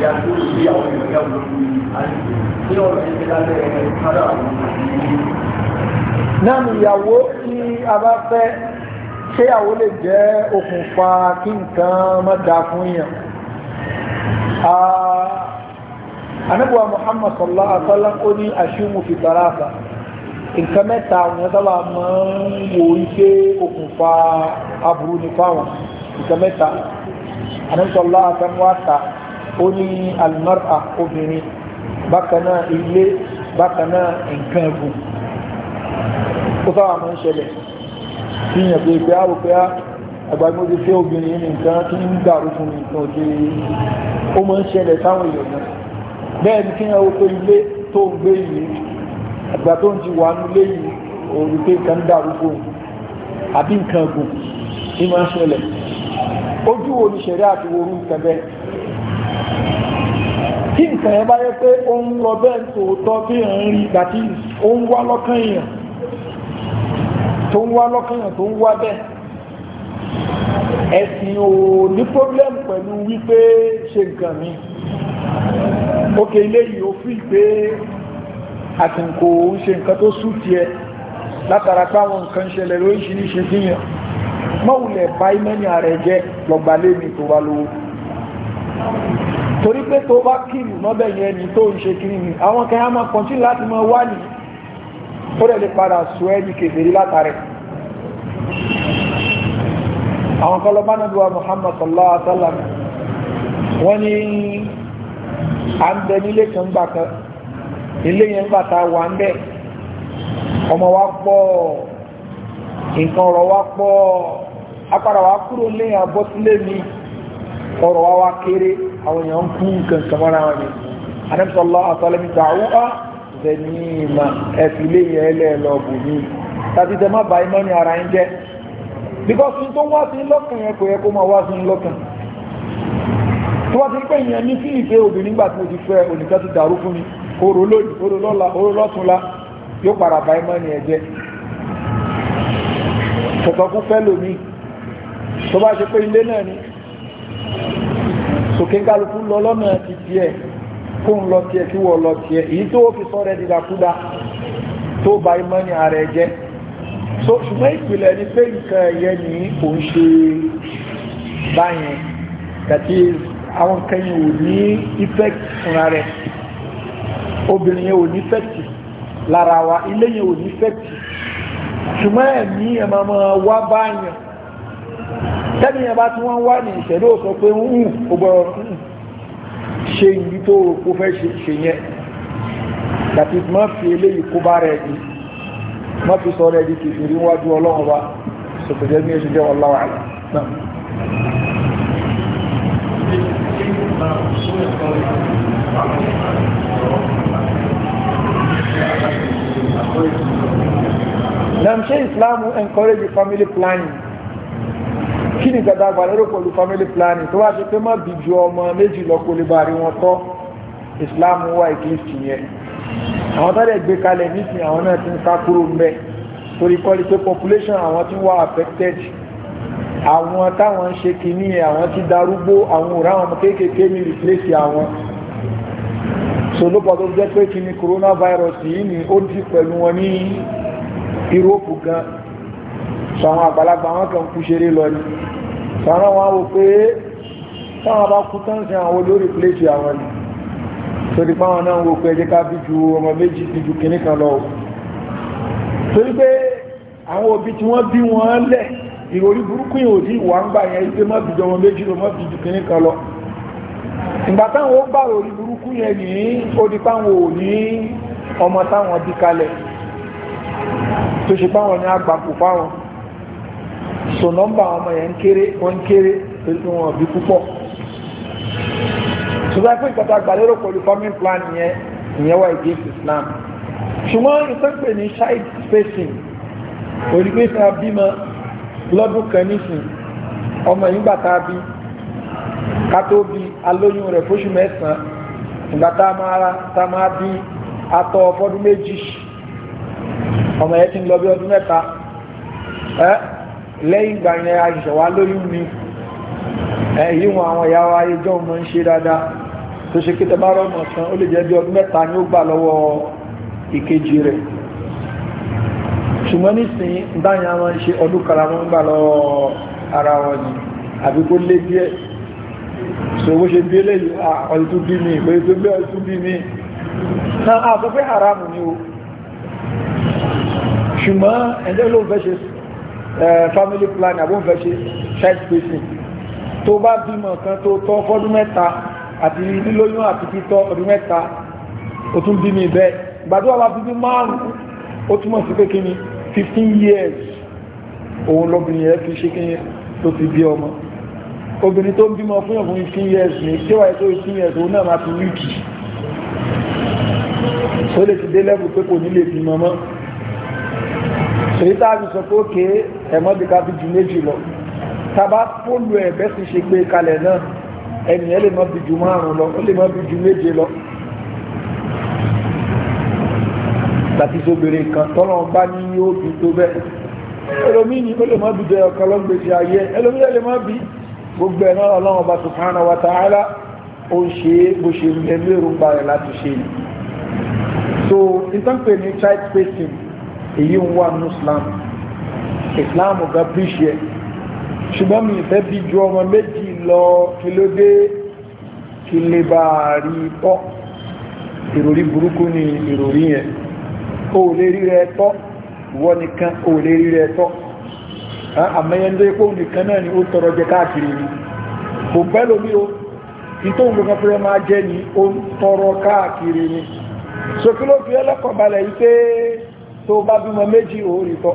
yàtò sí àwọn ìrìnà ìyàwó tí a bá fẹ́ ṣé àwó lè jẹ́ okùnfà kí nǹkan má fún yàn anábùwà Muhammad sallallahu alaihi wa sallam ó ní aṣíwò fi tàràfà nǹkan mẹ́ta àwọn sábà máa ń wo ike okùnfà aburú ní fáwọn nǹkan mẹ́ta anábùwà sallallahu alaihi ó ní almar'a obìnrin bákanáà ilé bákanáà nǹkan ẹ̀bùn ó sábà máa ń ṣẹlẹ̀ tí yàn pé pé àrò pé àgbàgbọ́dé fẹ́ obìnrin ní nǹkan tí ń dàrú fún mi nǹkan tí ó máa ń ṣẹlẹ̀ táwọn èèyàn náà bẹ́ẹ̀ ni kí yàn ó pé ilé tó ń gbé yìí àgbà tó ń ti wà nílé yìí òun pé nǹkan dàrú fún àbí nǹkan gùn ní máa ń ṣẹlẹ̀ ojú wo ni ṣẹ̀rí àti orú nǹkan bẹ́ẹ̀ tí nǹkan yẹn bá yẹ pé ó ń lọ bẹ́ẹ̀ tòótọ́ bí ẹ̀ ń rí dàtí ó ń wá lọ́kàn èèyàn tó ń wá lọ́kàn èèyàn tó ń wá bẹ́ẹ̀ ẹ̀sìn ò ní pọ́blẹ́mù pẹ̀lú wípé ṣe nǹkan mi ókè eléyìí ó fi pé àtìǹkò ń ṣe nǹkan tó sùn tiẹ̀ látara páwọn nǹkan ṣẹlẹ̀ lóríṣiríṣi díyàn mọ́wùlẹ̀ báyìí mẹ́ni ààrẹ jẹ́ lọ́gbàlémi tó wá lówó torí pé tó bá kírù mọ́bẹ̀ yẹn ni tó ń ṣe kiri ni àwọn kan á máa kọ̀ntí láti máa wá ní ó rẹ̀ lè padà sọ ẹ́ ní kèfèrí látàrí àwọn kan lọ́bá náà duwa Muhammad sallallahu alaihi wọ́n ní à ń bẹ nílé wa pọ̀ nǹkan ọ̀rọ̀ wa pọ̀ apára wa kúrò lẹ́yìn abọ́sílẹ̀ mi ọ̀rọ̀ wa wa àwọn èèyàn ń kú nǹkan kàmọ́ra wọn ni anẹ́sọ̀lá àtọ́lẹ́mí dàúwà zẹni ìmà ẹ̀fìlẹ̀ yẹn lẹ́ẹ̀lọ́bù ní tàbí tẹ má ba iná ní ara ń jẹ́ because n tó wá sí lọ́kàn yẹn kò yẹ kó máa wá sí lọ́kàn tó wá sí pé ìyẹn ní sí ìfẹ́ obìnrin gbà tí mo ti fẹ́ oníkan ti dàrú fún mi oró lónìí oró lọ́la oró lọ́túnla yóò para ba iná ní ẹ̀jẹ̀ kẹ̀kọ́ kú fẹ́ lómi tó bá ṣe pé ilé náà ni sókè kálukú lọ lọ́nà ti tiẹ̀ kó ń lọ tiẹ̀ kí wọ́n lọ tiẹ̀ èyí tó fi sọ rẹ̀ dìdàkúdà tó ba imọ́ ní ara ẹ̀ jẹ́ so ṣùgbọ́n ìpìlẹ̀ ni pé nǹkan ẹ̀yẹ ni kò ń ṣe báyẹn kàtí àwọn kẹyìn ò ní effect fúnra rẹ̀ obìnrin yẹn ò ní effect lára wa ilé yẹn ò ní effect ṣùgbọ́n ẹ̀mí ẹ̀ máa wá báyẹn tẹ́lẹ̀ bá tí wọ́n wá ní ìṣẹ̀lẹ̀ ò pé ń hù ó ṣe ibi tó kó fẹ́ ṣe yẹn tàbí má fi eléyìí kó bá rẹ̀ di má fi sọ rẹ̀ di kìfì rí wájú ọlọ́run wa sọ̀tẹ̀jẹ́ ní oṣù jẹ́ náà. Islam encourage family planning kí ni gbàdá gbàlérò pẹ̀lú family planning tó wá ṣe pé má bí ju ọmọ méjì lọ kó lè bá rí wọn tọ́ Islam wà ìkírísì yẹn àwọn tọ́lẹ̀ gbé kalẹ̀ nísìn àwọn náà ti ń sá kúrò mbẹ́ torí kọ́lí pé population àwọn tí wọ́n affected àwọn táwọn ń ṣe kìíní ẹ̀ àwọn ti darúgbó àwọn òrá àwọn kéékèèké ní replace àwọn so ló pọ̀ tó jẹ́ pé kìíní coronavirus yìí ni ó di pẹ̀lú wọn ní Europe gan-an sọ àwọn àgbàlagbà wọn kàn kú ṣeré lọ ni sọ àwọn wọn wò pé táwọn bá kú tán sí àwọn olórí pléṣì àwọn ni torí báwọn náà wò pé ẹjẹ ká bí ju ọmọ méjì bí ju kìnnì kan lọ torí pé àwọn òbí tí wọ́n bí wọn lẹ̀ ìròrí burúkú yìí ò dí ìwà ń gbà yẹn pé má bí ju ọmọ méjì lọ má bí ju kìnnì kan lọ ìgbà táwọn ó bá òrí burúkú yẹn ní ó di páwọn ò ní ọmọ táwọn bí kalẹ̀ tó ṣe páwọn ní àgbàpò fáwọn so nọ́mbà àwọn ọmọ yẹn kéré wọ́n kéré pẹ̀lú wọn bí púpọ̀ ṣùgbọ́n pé ìkàtà gbàlérò pẹ̀lú farming plan yẹn ìyẹn wà against Islam ṣùgbọ́n ìsọ́pẹ̀ ní child spacing olùgbèsè abímọ lọ́dún kan nísìn ọmọ yìí gbàtà bí kátó bí alóyún rẹ̀ fóṣù mẹ́sàn-án ìgbà tá a máa bí atọ́ ọfọdún méjì ọmọ yẹn ti ń lọ bí ọdún mẹ́ta ẹ́ lẹ́yìn ìgbà yẹn àṣìṣẹ́ wa lóyún ni èyí wọn àwọn ìyá wa ẹjọ́ mọ́ ń ṣe dáadáa tó ṣe kí tẹbá rọ̀nà tán ó lè jẹ́ bí ọdún mẹ́ta ni ó gbà lọ́wọ́ ìkejì rẹ̀ ṣùgbọ́n nísìnyí dáyà wọn ṣe ọdún kara wọn gbà lọ́wọ́ ara wọn ni àbí kó lé díẹ̀ so bó ṣe bí eléyìí ọdún bí mi ìgbé ṣùgbọ́n ẹ̀jẹ̀ ló fẹ́ ṣe family plan àbúnfẹ́ ṣe child spacing tó bá bímọ kan tó tọ́ fọ́dún mẹ́ta àti lílóyún àti títọ́ ọdún mẹ́ta ó tún bí mi bẹ́ẹ̀ gbàdúrà bá fi bí márùn-ún ó túmọ̀ sí pé kíni 15 years òun lọ́bìnrin yẹn fi ṣe kíni tó fi bí ọmọ obìnrin tó ń bímọ fún ìyàn 15 years ní tíwáyé tó 15 years òun náà máa ti wíìkì ó lè ti dé lẹ́bù pé kò ní lè bímọ mọ́ èyí tá a fi sọ pé ó kéé ẹ̀mọ́dé ká fi ju méjì lọ tàbá fóònù ẹ̀ bẹ́ẹ̀ sì ṣe gbé kalẹ̀ náà ẹnìyẹn lè má fi ju márùn lọ ó lè má fi ju méje lọ. láti sóbìnrin kan tọ́lọ́ bá ní yóò fi tó bẹ́ẹ̀ ẹlòmíì ni ó lè má fi jẹ ọ̀kan lọ́gbèsè ayé ẹlòmíì lè má fi gbogbo ẹ̀nà ọlọ́run ọba subhanahu wa ta'ala ó ń ṣe bó ṣe ẹlú èròǹgbà rẹ̀ láti ṣe yìí so ìtàn pè ní child spacing èyí ń wà Muslim islam ga bíṣẹ́ ṣùgbọ́n mi fẹ́ bí ju ọmọ méjì lọ kí ló dé kí lè bá rí tọ́ ìròrí burúkú ni ìròrí yẹn o lè rí rẹ tọ́ wọ́n nìkan o lè rí rẹ tọ́ àmẹ́yẹndé pé nìkan náà ni ó tọrọ jẹ káàkiri ni kò bẹ́ lómi o ìtò nǹkan fẹ́ máa jẹ́ ni ó tọrọ káàkiri ni sókè ló fi ẹlẹ́kọ̀ọ́ balẹ̀ yìí pé tó bá bímọ méjì òórìtọ́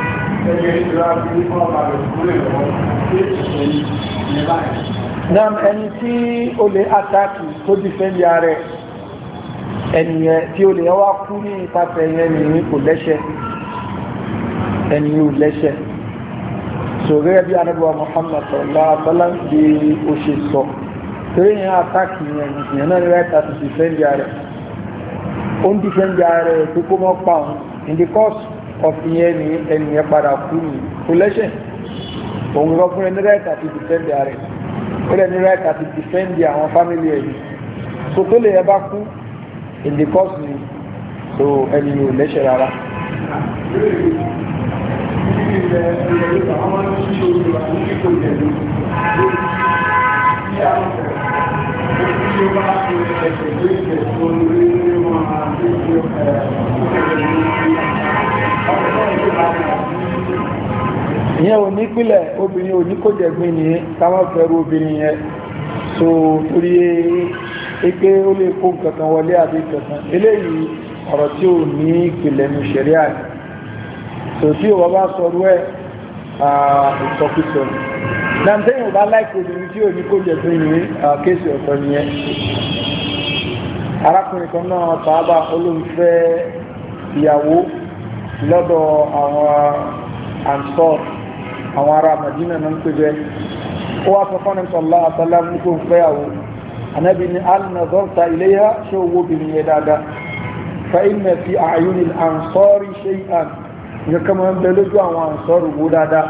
nam ẹni tí ó lè àtàkì tó di fẹ́ndì ààrẹ ẹniyàn tí ó lè wá kú ní ìpapẹ̀ yẹn ni kò lẹ́ṣẹ̀ ẹni ò lẹ́ṣẹ̀ so gẹ́gẹ́ bí anábíwá Muhammad sallallahu alaihi wasallam bí ó ṣe sọ torí yẹn àtàkì yẹn yẹn náà ní rẹ́ta ti di fẹ́ndì ààrẹ ó ń di fẹ́ndì ààrẹ tó kó mọ́ pa òun in the course ọ̀fìyẹ́ ni ẹnìyẹn padà kú ní kólẹ́ṣẹ̀ òun lọ fún ẹni rẹ́ẹ̀tì àti dìfẹ́ǹdì rẹ̀ fúnra ẹni rẹ́ẹ̀tì àti dìfẹ́ǹdì àwọn fámìlì ẹ̀ yìí so tó lè yẹ bá kú ìdíkọ́sì ni so ẹni yóò lẹ́ṣẹ̀ rárá. Thank you ìyẹn ò ní pílẹ̀ obìnrin ò ní kó jẹ̀gbìn ní táwọn fẹ́rù obìnrin yẹn so torí e, e pé ó lè kó kankan wọlé àbí kankan eléyìí ọ̀rọ̀ tí ò ní ìpìlẹ̀ ní ṣẹ̀rí àti so tí ò bá sọ̀rọ̀ ẹ̀ ìsọkúsọ nàìjíríà ò bá láìpẹ́ obìnrin tí ò ní kó jẹ̀gbìn ní kéèsì ọ̀tọ̀ nìyẹn arákùnrin kan náà sábà olóńfẹ́ ìyàwó lọ́dọ̀ àwọn ansor àwọn ará madina náà ń pè bẹ́ẹ̀ ó wá sọ fún ẹni sọlá àtàlá ní kò ń fẹ́yàwó anabi ni alinazọ́ta iléyà ṣé owó obìnrin yẹn dáadáa fẹ́yìnà fi àyùnì ansọ́rì ṣe àn nǹkan máa ń bẹ lójú àwọn ansọ́rì wó dáadáa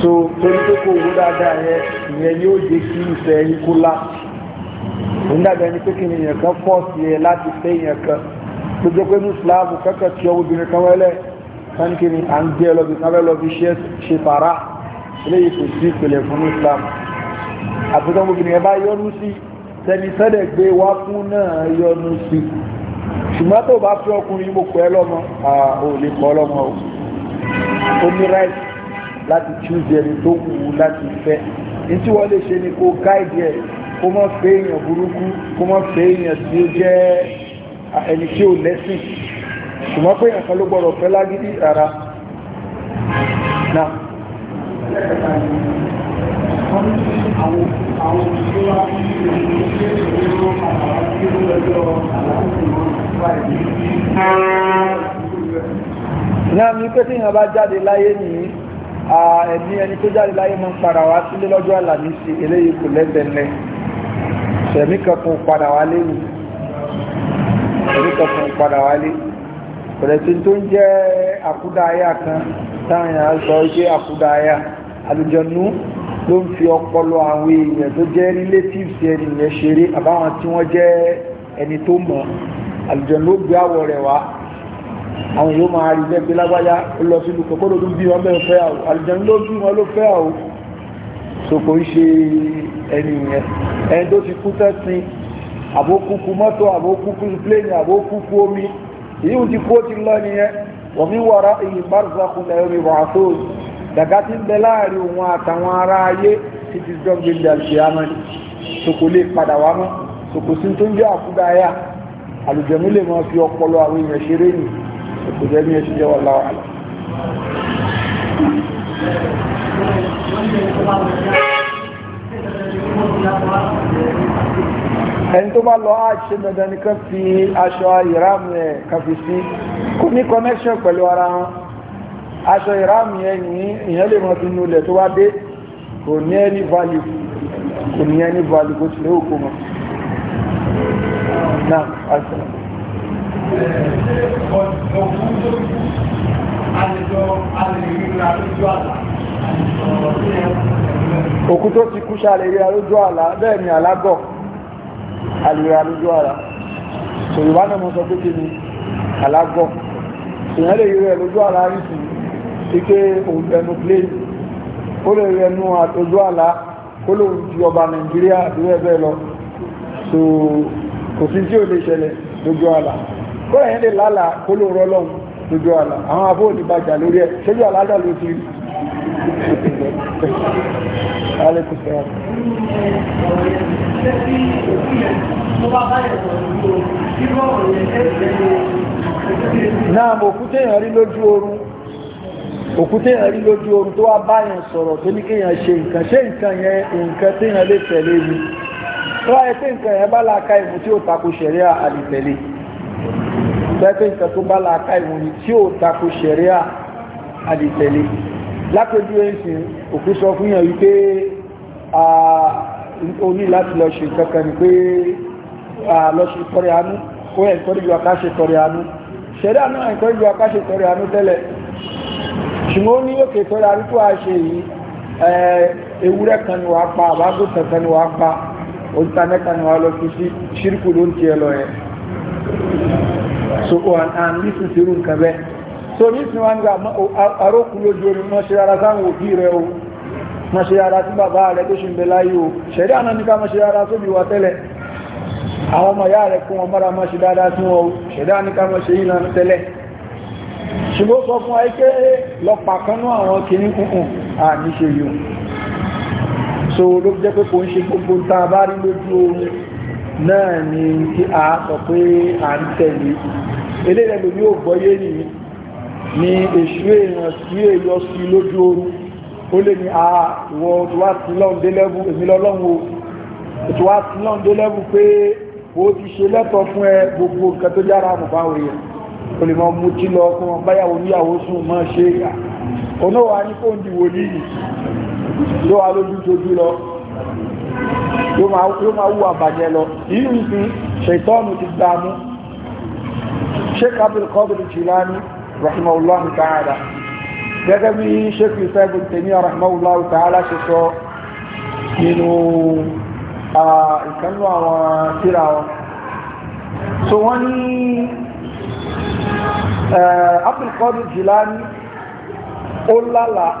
so torí pé kò wó dáadáa yẹn ìyẹn yóò jẹ́ kí ìfẹ́ yìí kó lá nígbàgbẹ́ ni pé kí ni ìyẹn kan pọ̀ sí ẹ láti fẹ́ ìyẹn kan tó jẹ́ pé ní islam kẹ́kẹ́ tí ọwọ́ obìnrin kan wẹ́lẹ̀ kánkiri à ń gbé ẹlọ́bì kan wẹ́lọ́ bí ṣe fara eléyìí kò sí ìpìlẹ̀ fún islam àtúntò obìnrin yẹn bá yọnu sí tẹni sẹ́dẹ̀ gbé wá fún náà yọnu sí ṣùgbọ́n tó bá fi ọkùnrin mo kọ́ ẹ lọ́mọ ò lè kọ́ lọ́mọ o ó ní right láti choose ẹni tó wù ú láti fẹ́ ntí wọ́n lè ṣe ẹni tí ó lẹ́sìn ṣùgbọ́n pé ẹ̀kan ló gbọ́dọ̀ fẹ́ lágídí ara náà náà ní pé tí ìyàn bá jáde láyé ní ẹ̀mí ẹni tó jáde láyé mọ́ padà wá sílé lọ́jọ́ àlàmísì eléyìí kò lẹ́sẹ̀ lẹ́ ṣẹ̀mí kankan padà wá lẹ́yìn orúkọ fún padà wálé pẹ̀lẹ́tì tó ń jẹ́ àkúdáyà kan táwọn èèyàn sọ pé àkúdáyà àlùjọ̀nú ló ń fi ọpọlọ àwọn èèyàn tó jẹ́ relatives ẹni yẹn ṣeré àbáwọn tí wọ́n jẹ́ ẹni tó mọ̀ àlùjọ̀nú ó gbé àwọ̀ rẹ̀ wá àwọn yóò máa rí bẹ́ẹ̀ pé ó lọ sínú kòkòrò tó bí wọn bẹ́ẹ̀ fẹ́ àwọ̀ àlùjọ̀nú ló bí wọn ló fẹ́ àwọ̀ so ń ṣe ẹni yẹn ẹni tó ti kú tẹ́sìn àbókúkú mọ́tò àbókúkú pléènì àbókúkú omi èyí ti kó ti lọ nìyẹn wọ́n mi wọ̀ra ìyí barzakhu ẹ̀rọ ìwà àtòòlù dàgá ti ń bẹ láàrin òun àtàwọn ará ayé títí dọ́gbìn dàlùkìyàmọ́ ni sòkò lè padà wá mọ́ sòkò sí tó ń jẹ́ àkúdáyà àlùjẹ̀mú lè máa fi ọpọlọ àwọn èèyàn ṣeré nì sòkò jẹ́ ní ẹṣin jẹ́ wọ́n láwọn àlọ́ ẹni tó bá lọ àṣẹ dandan ni kan fi aṣọ ìrámù ẹ̀ kan fi sí kò ní connection pẹ̀lú ara wọn aṣọ ìrámù ẹ̀ ní ìyẹn lè rántí inú ilẹ̀ tó wá dé kò ní ẹni value kò ní ẹni value kò tilẹ̀ òkú mọ́ náà àṣẹ ọ̀pọ̀ tó kú alẹ́jọ́ alẹ́jọ́ àlá òkú tó ti kú ṣàlèrí alójú àlá bẹ́ẹ̀ ni alágọ̀ àlèrí alójú àlá òyìnbá náà mọ́ sọ pé kí ni alágọ̀ èèyàn lè rí rẹ̀ lójú àlá rí sí ike ẹnu plé ó lè rí ẹnu àtòjú àlá kó ló ń di ọba nàìjíríà àdúrà bẹ́ẹ̀ lọ so kò sí tí ò lè ṣẹlẹ̀ lójú àlá kó èèyàn lè lálàá kó ló rọ́ lọ́hùn lójú àlà àwọn abó ní bàjá lórí ẹ̀ ṣéjú àládà ló ti rí náà mo kúté èèyàn rí lójú oorun òkúté èèyàn rí lójú oorun tó wá báyàn sọ̀rọ̀ tó ní kéèyàn ṣe nǹkan ṣé nǹkan yẹn nǹkan téèyàn lè tẹ̀lé ni tó wáyé pé nǹkan yẹn bá láka ìmú tí ó tako ṣẹ̀rí àlìtẹ̀lé tẹ́fẹ́ nǹkan tó bá làákà ìwòyìn tí ó tako ṣẹ̀ríà àdìtẹ̀lé lápẹjú ẹ̀sìn òkú sọ fún yàn wípé o ní láti lọ ṣe kankan ní pé lọ ṣe tọrẹ àánú ó ẹ̀ńkọ́rìjù akáṣe tọrẹ àánú ṣẹ̀ríà náà ẹ̀ńkọ́rìjù akáṣe tọrẹ àánú tẹ́lẹ̀ ṣùgbọ́n ó ní òkè tọrẹ àánú tó a yìí ewúrẹ́ kan ni wàá pa àbágùn kan ni wàá pa òǹtanẹ́ kan ni wàá lọ fi sí ṣírkù ló ń tiẹ̀ lọ yẹn so o oh, an an nísìn sí irú nǹkan bẹ́ẹ̀ so nísìn wọn gba arókù lójú omi mọ́ ṣe ara sáwọn òbí oh, rẹ o oh. mọ́ ṣe ara sí bàbá rẹ tó ṣe ń bẹ láyé o ṣẹ̀rí àná ní ká mọ́ ṣe ara sóbi wa tẹ́lẹ̀ àwọn ọmọ ìyá rẹ̀ kún ọmọ́ra máa ṣe dáadáa sí wọn ṣẹ̀dá ní ká máa ṣe yína tẹ́lẹ̀ ṣùgbọ́n sọ fún àìké lọ́pàá kanú àwọn kìíní kùnkùn mm, à mm, ní ṣe yìí so ló jẹ́ pé kò ń ṣe gbogbo ta bá rí lójú oorun náà ni tí a sọ pé à ń tẹ̀lé eléyìí lómi ò gbọ́yé nìyí ni èṣù èèyàn sí èyọ sí lójú oorun ó lè ní àwọ̀ tó wá sí lọ́ndé lẹ́bù èmi lọ́lọ́run o tó wá sí lọ́ndé lẹ́bù pé ó ti ṣe lẹ́tọ̀ fún ẹ gbogbo nǹkan tó yára àmùbá òye o lè mọ mú tí lọ fún ọ báyàwó níyàwó sùn mọ́ ṣe é gà oníwà ní fóònù ìwòlíì ló lójú tó lọ yóò máa wú àbàjẹ́ lọ nínú ìsìn ṣètọ́nù ti gbà mú sheikh abdul qadir jilani rahimahullahu ta'ala gẹ́gẹ́ bí sheikh isaac tèmíyà rahimahullahu ta'ala ṣe sọ nínú ìkànnù àwọn tíra wọn so wọ́n ní abdul qadir jilani ó lálàá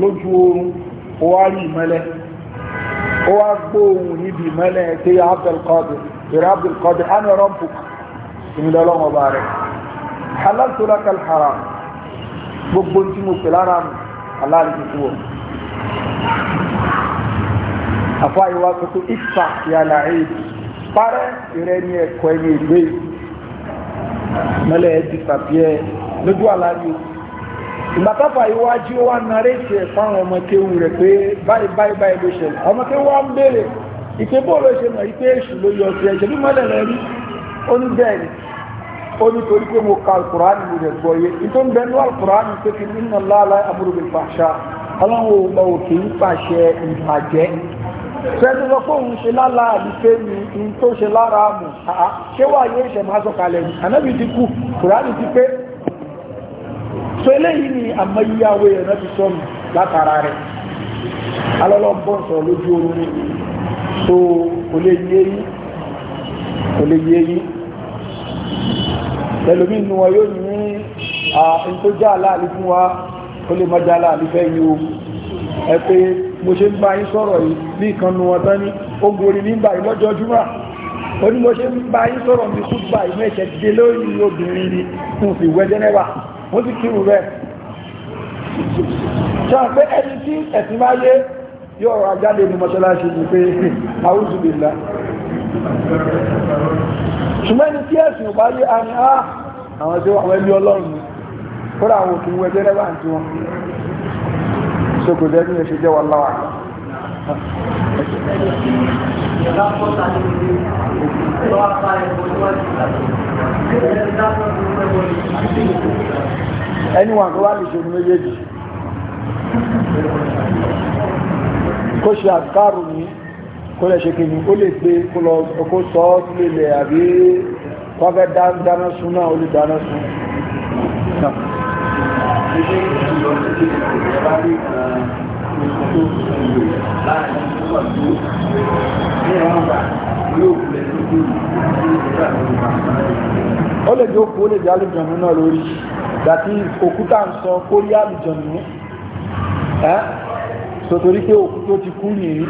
lójú oorun ó wá ó wá gbóhùn níbi ìmọ́lẹ̀ tí ya abdulkadir ìrẹ́ abdulkadir á ní rọ́mpù ìmìlọ́lọ́wọ́ bá rẹ̀ halaltu laka alharam gbogbo tí mo pè lára mi aláàrí ti fún ọ àfọ àyíwá tuntun ìfà ìyàlá èyí parẹ́ ìrẹ́ ní ẹ̀kọ́ ẹni ìgbé mọ́lẹ̀ ẹ̀ ti fàbíẹ́ lójú àlàyé ìgbàtàfà iwájú wa narétì ẹ̀ fáwọn ọmọ kéwù rẹ̀ pé báyìí báyìí báyìí ló ṣẹlẹ̀ ọmọ kéwù wa ń béèrè ìpé bóòlù ṣe mọ̀ ìpé èṣù ló yọ sí ẹ̀ṣẹ̀ bí mọ́lẹ̀ rẹ̀ rí ó ní bẹ́ẹ̀ ni ó ní torí pé mo ka alukur'an mi rẹ̀ gbọ́ yé nítorí ń bẹnu alukur'an pé kí nínú láàlá amúrúbi pàṣà ọlọ́run ò gbọ́ òkè ń pàṣẹ ìbàjẹ́ fẹ́ẹ́ lọ pé òun ṣe lára so eléyìí ni àmọ́yíyáwó ẹ̀rọ ti sọnù látara rẹ̀ alọ́lọ́bọ̀nsọ̀ lójú oorun so kò lè yé yí kò lè yé yí ẹlòmí inú wọn yóò ní àwọn tó já aláàlú fún wa ó lè mọ́já aláàlú fẹ́ yí o ẹ pé mo ṣe ń bá yín sọ̀rọ̀ yìí ní ìkànnù wọn tán ó gorí nígbà yìí lọ́jọ́ júmọ́ ó mo ṣe ń bá yín sọ̀rọ̀ mi kú gbà yìí mẹ́ṣẹ̀ dé lórí obìnrin ni fún ìwẹ́ jẹ́nẹ́wà wọ́n ti kírù rẹ̀ ṣáà pé ẹni tí ẹ̀sìn máa yé yóò rọ ajáde ní mọ́ṣáláṣí ní pé àwùjúbìlá ṣùgbọ́n ẹni tí ẹ̀sìn ò bá yé a ní á ah, àwọn tí wọ́n ẹni ọlọ́run kódà àwọn òkú wọ ẹgbẹ́ rẹ́bà tí wọ́n ṣokùnrin ẹni ẹ̀ṣẹ̀ jẹ́ wà láwàá ẹni wọn kó wá lè ṣe ní méjèèjì kó ṣe àkárù ní kó lè ṣe kìíní ó lè gbé kó lọ ọkó sọ ọ́ sí ilẹ̀ àbí wọ́n fẹ́ dáná sun náà ó lè dáná sun náà ó lè jẹ́ òkú ó lè jẹ́ alùjọ̀nù náà lórí dàtí òkúta ń sọ kó rí alùjọ̀nù ẹ́ sotori pé òkú tó ti kú nìyí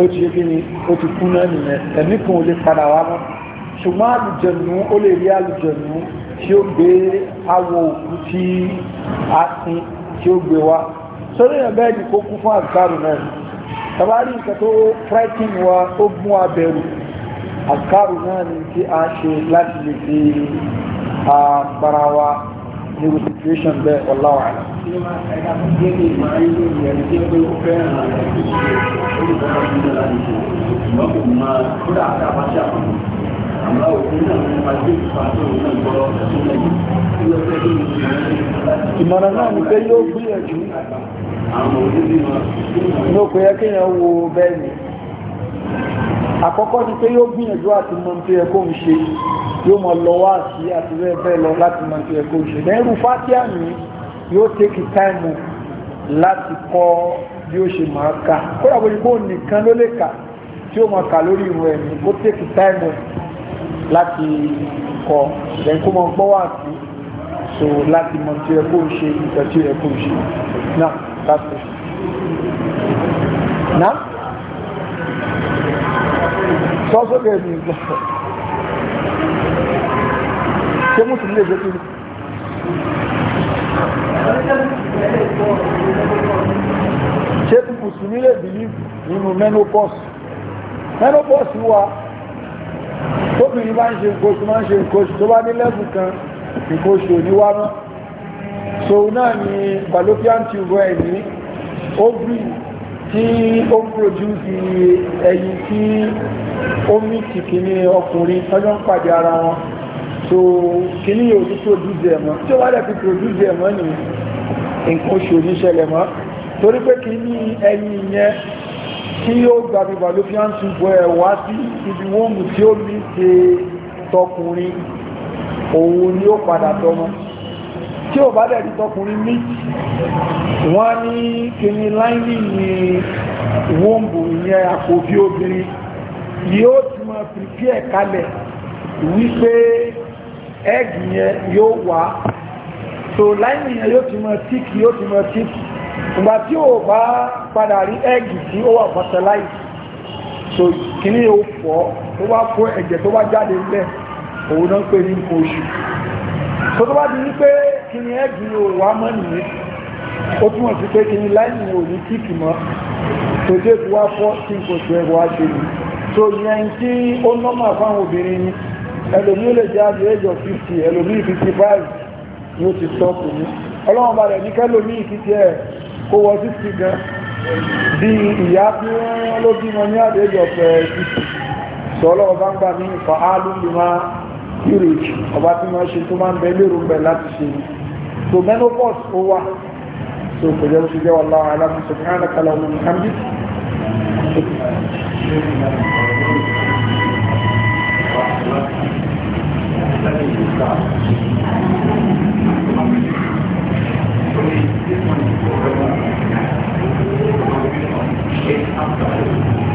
ó ti ṣe kíni ó ti kú náà nìyẹn ẹ̀mí kan ò lè padà wá mọ́ ṣùgbọ́n alùjọ̀nù ó lè rí alùjọ̀nù tí ó gbé awọ òkú tí a sin tí ó gbé wá sórí yàn bẹ́ẹ̀ ni kó kún fún àzùkárù náà tabari nǹkan tó fẹ́kìn wa ó mú abẹ́rù àzùkárù náà ni tí a ṣe láti lè fi àpara wa nírú situation bẹ́ẹ̀ ọláwà Ìmọ̀ràn náà ni pé yóò gbìyànjú mo kò yẹ kéèyàn wo bẹ́ẹ̀ ni àkọ́kọ́ ni pé yóò gbìyànjú àti mọ tí ẹ kó ń ṣe yóò mọ lọ wá sí àti bẹ́ẹ̀ bẹ́ẹ̀ lọ láti mọ tí ẹ kó ń ṣe lẹ́rù fátíà mi yóò tẹ́kì táìmù láti kọ́ bí ó ṣe máa ka kódà bó ṣe kó nìkan ló lè kà tí ó máa kà lórí ìwọ̀n ẹ̀mí ó tẹ́kì táìmù láti kọ́ lẹ́yìn kó mọ gbọ́ wá sí so láti mọ tí ẹ kó ń ṣe ìtọ́jú ẹ kó ń ṣe náà kafir na sọ sókè ní ìgbà ṣé mùsùlùmí lè jẹ́ kiri ṣé mùsùlùmí lè bìlíìfù nínú menopause menopause wà tóbi ní bá ń ṣe nǹkan oṣù máa ń ṣe nǹkan oṣù tó bá ní lẹ́bù kan nǹkan oṣù ò ní so náà ni fallopian tube ẹ̀ ní ovary tí ó ń produce ẹyin tí ó mí ti kìíní ọkùnrin tọ́jọ́ ń pàdé ara wọn so kìíní yóò ní produce ẹ̀ mọ́ tí ó wá dẹ̀ fi produce ẹ̀ mọ́ ni nǹkan oṣù oníṣẹ̀lẹ̀ mọ́ torí pé kìíní ẹyin yẹn tí ó gbàgbé fallopian tube ẹ̀ wá sí ibi wọ́ọ̀mù tí ó mí ti tọkùnrin òun ni ó padà tọmọ tí ò bá dẹ̀rí tọkùnrin méjì wọ́n ní kìíní láìní ní wọ́mbù ìyẹn àkóbí obìnrin yóò ti mọ̀ pìpì ẹ̀ kalẹ̀ wípé ẹ́gì yẹn yóò wá so láìní yẹn yóò ti mọ̀ tíkì yóò ti mọ̀ tíkì ìgbà tí ò bá padà rí ẹ́gì tí ó wà fọ́tẹ́láìsì so kìíní yóò fọ́ tó bá fọ́ ẹ̀jẹ̀ tó bá jáde ńlẹ̀ tó tó bá di wípé kí ni ẹ́gì yóò wá mọ́ nìyẹn ó túnmọ̀ sí pé kí ni láìní ò ní kíkì mọ́ tó dé tó wá fọ́ tí n kò tó ẹ̀rọ wá ṣe ni tó yẹn tí ó nọ́mà fáwọn obìnrin ni ẹlòmíì lè jẹ́ àbí ẹjọ́ 50 ẹlòmíì 55 ni ó ti sọ kù ní ọlọ́run bá rẹ̀ ní kẹ́lòmíì títí ẹ̀ kó wọ 60 gan bí ìyá tí wọ́n ló bímọ ní àbí ẹjọ́ 50 sọ ọlọ́run bá ń gbà ní ìfọ̀ urage ọba tí wọ́n ṣe tó máa ń bẹ lérò bẹ̀ láti ṣe so menopause ó wà so kò jẹ́ oṣù jẹ́ wallahu a'lam subhanaka Allahumma wa bihamdik Thank you.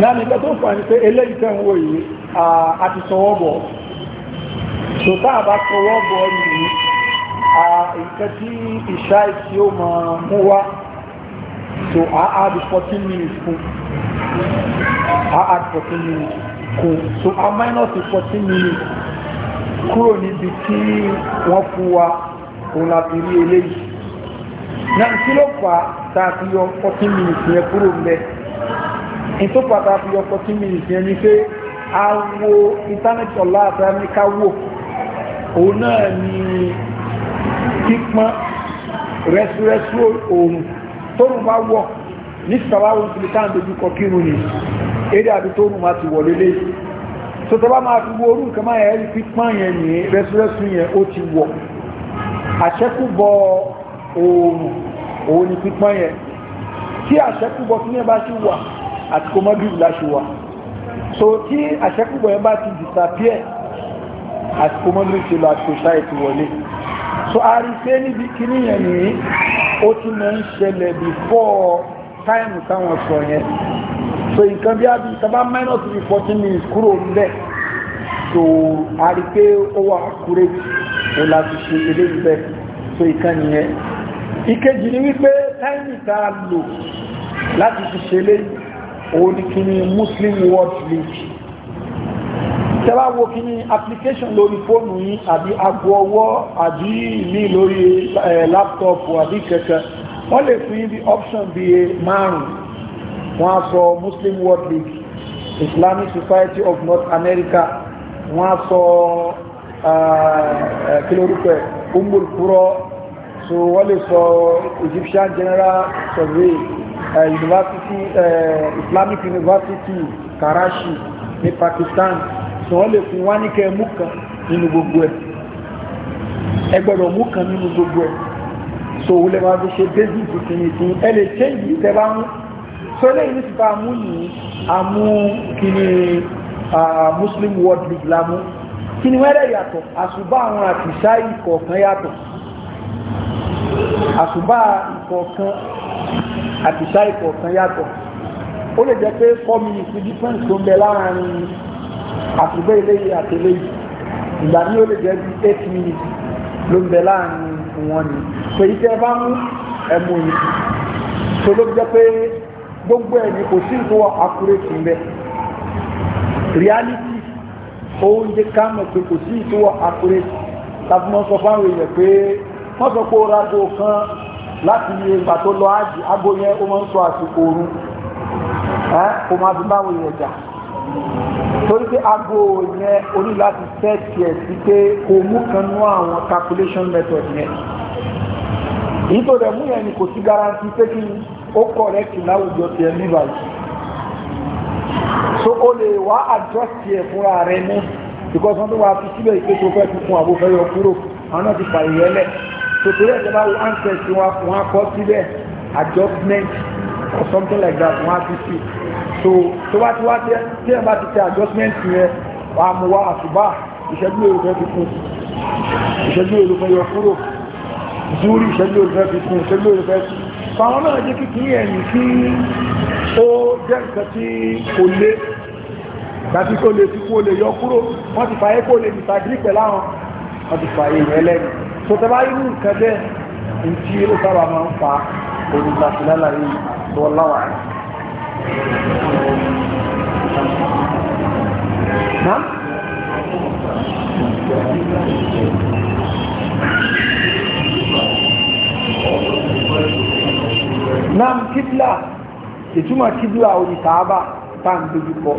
náà nìkan tó fà ní pé eléyìí tẹ́ ń wò yìí àti sọwọ́bọ̀ ṣòtá àbá sọwọ́bọ̀ yìí nǹkan tí ìṣá ìṣí ó máa mú wá so a add 14 minutes kún a add 14 minutes kún so a minus 14 minutes kúrò níbi tí wọ́n fún wa òun láti rí eléyìí náà kí ló fà tá a fi yọ 14 minutes yẹn kúrò mẹ́ta ní tó padà fi ọkọ̀ tí mi nìyẹn ni pé awo ìtánẹ́tì ọ̀la àti amẹ́ká wò òun náà ni pípọ́n rẹ́súrẹ́sú òun tóun bá wọ̀ ní sàwáwò ìpìlẹ̀ táwọn dojúkọ kírun ni eré àbí tóun máa ti wọlé lé tó tọ́ bá máa fi wo orú nǹkan máa yẹn pípọ́n yẹn ní rẹ́súrẹ́sú yẹn ó ti wọ̀ àṣẹ́kù bọ òun òun ni pípọ́n yẹn tí àṣẹ́kù kí ní ẹ bá ti wà àti kó mọ́bí láṣù wà so tí àṣẹ́kùbọ̀ ẹ bá ti disappear àti kó mọ́bí ti lọ àti society wọlé so a rí pé níbi kíní yẹn ní ó ti mọ̀ ń ṣẹlẹ̀ before time táwọn sọ yẹn so nǹkan bí i nǹkan bá minus three fourteen minutes kúrò níbẹ̀ so a rí pé ó wà accurate ó láti ṣe eléyìí bẹ́ẹ̀ so ìkan nìyẹn ìkejì ni wípé táìmì tá a lò láti fi ṣe òun ni kí ni Muslim World League tẹ́lá wo kí ni application lórí fóònù yín àbí ago ọwọ́ àbí ní lórí láptọ̀pù àbí kẹ̀kẹ́ wọ́n lè fún yín bí option bíi márùn-ún wọ́n á sọ Muslim World League Islamic Society of North America wọ́n á sọ kí lórúkọ ẹ̀ so wọ́n lè sọ Egyptian General Survey Eh, university eh, islamic university karachi ní pakistan so wọ́n lè fún wa ní kẹ́ mú kan nínú gbogbo ẹ̀ ẹ gbọ́dọ̀ mú kan nínú gbogbo ẹ̀ so wọ́n lè máa fi ṣe basic kìíní tí ẹ lè change ìtẹ́ bá mú so lẹ́yìn ní ti mú yìí àmú kìíní muslim world league la mú kìíní wẹ́rẹ́ yàtọ̀ àṣùbà àwọn àtìṣá ìkọ̀ọ̀kan yàtọ̀ àṣùbà ìkọ̀ọ̀kan àti ṣáì kọ̀ọ̀kan yàtọ̀ ó lè jẹ́ pé four minutes difference tó ń bẹ láàárín àtúgbẹ́ eléyìí àti eléyìí ìgbà ní ó lè jẹ́ bí eight minutes ló ń bẹ láàárín wọn ni pé iṣẹ́ bá mú ẹ̀mú yìí tó ló jẹ́ pé gbogbo ẹni kò sí nǹkan wọ accurate ń bẹ reality oúnjẹ kánà pé kò sí nǹkan wọ accurate tàbí wọ́n sọ fáwọn èèyàn pé wọ́n sọ pé ó ra kan láti iye ìgbà tó lọ ájì agbó yẹn ó máa ń sọ àsìkò oorun ẹ́ kò máa fi báwo yẹn jà torí pé agbó yẹn o ní láti sẹ́ẹ̀tì ẹ̀ sí pé kò mú kan nú àwọn calculation method yẹn èyí tó dẹ̀ mú yẹn ni kò sí guarantee pé kí ó correct láwùjọ tiẹ̀ nígbà yìí so o lè wá address tiẹ̀ fúnra rẹ̀ mú because wọ́n tó wá fi síbẹ̀ ìpèsè òfẹ́ tuntun àbòfẹ́ yọ kúrò àwọn náà ti fàyè yẹn lẹ̀ tòtòrí ẹ̀jẹ̀ bá wọ́n ancestry wọn wọn akọ síbẹ̀ adjustment or something like that wọn á ti sí so tó bá ti wá tẹ tí ẹ bá ti tẹ adjustment yẹn wàá mú wá àṣùbà ìṣẹ́jú èrò fẹ́ fi kún ìṣẹ́jú èrò fẹ́ yọ kúrò zúrí ìṣẹ́jú èrò fẹ́ fi kún ìṣẹ́jú èrò fẹ́ fi fàwọn náà jẹ́ kíkí ẹ̀yìn kí ó jẹ́ nǹkan tí kò lé tàbí kó lè fi kó lè yọ kúrò wọ́n ti fàyé kó lè disagree pẹ̀láwọn wọ́n ti fàyé ìrẹ́lẹ́ni sọtẹ́bá irú nǹkan bẹ́ẹ̀ ní tí ó sábà máa ń fa olùgbàsílálà yìí tó láwà rẹ̀. Nam kíbla, ìtumọ̀ kíbla orí kàábà tá à dojú kọ.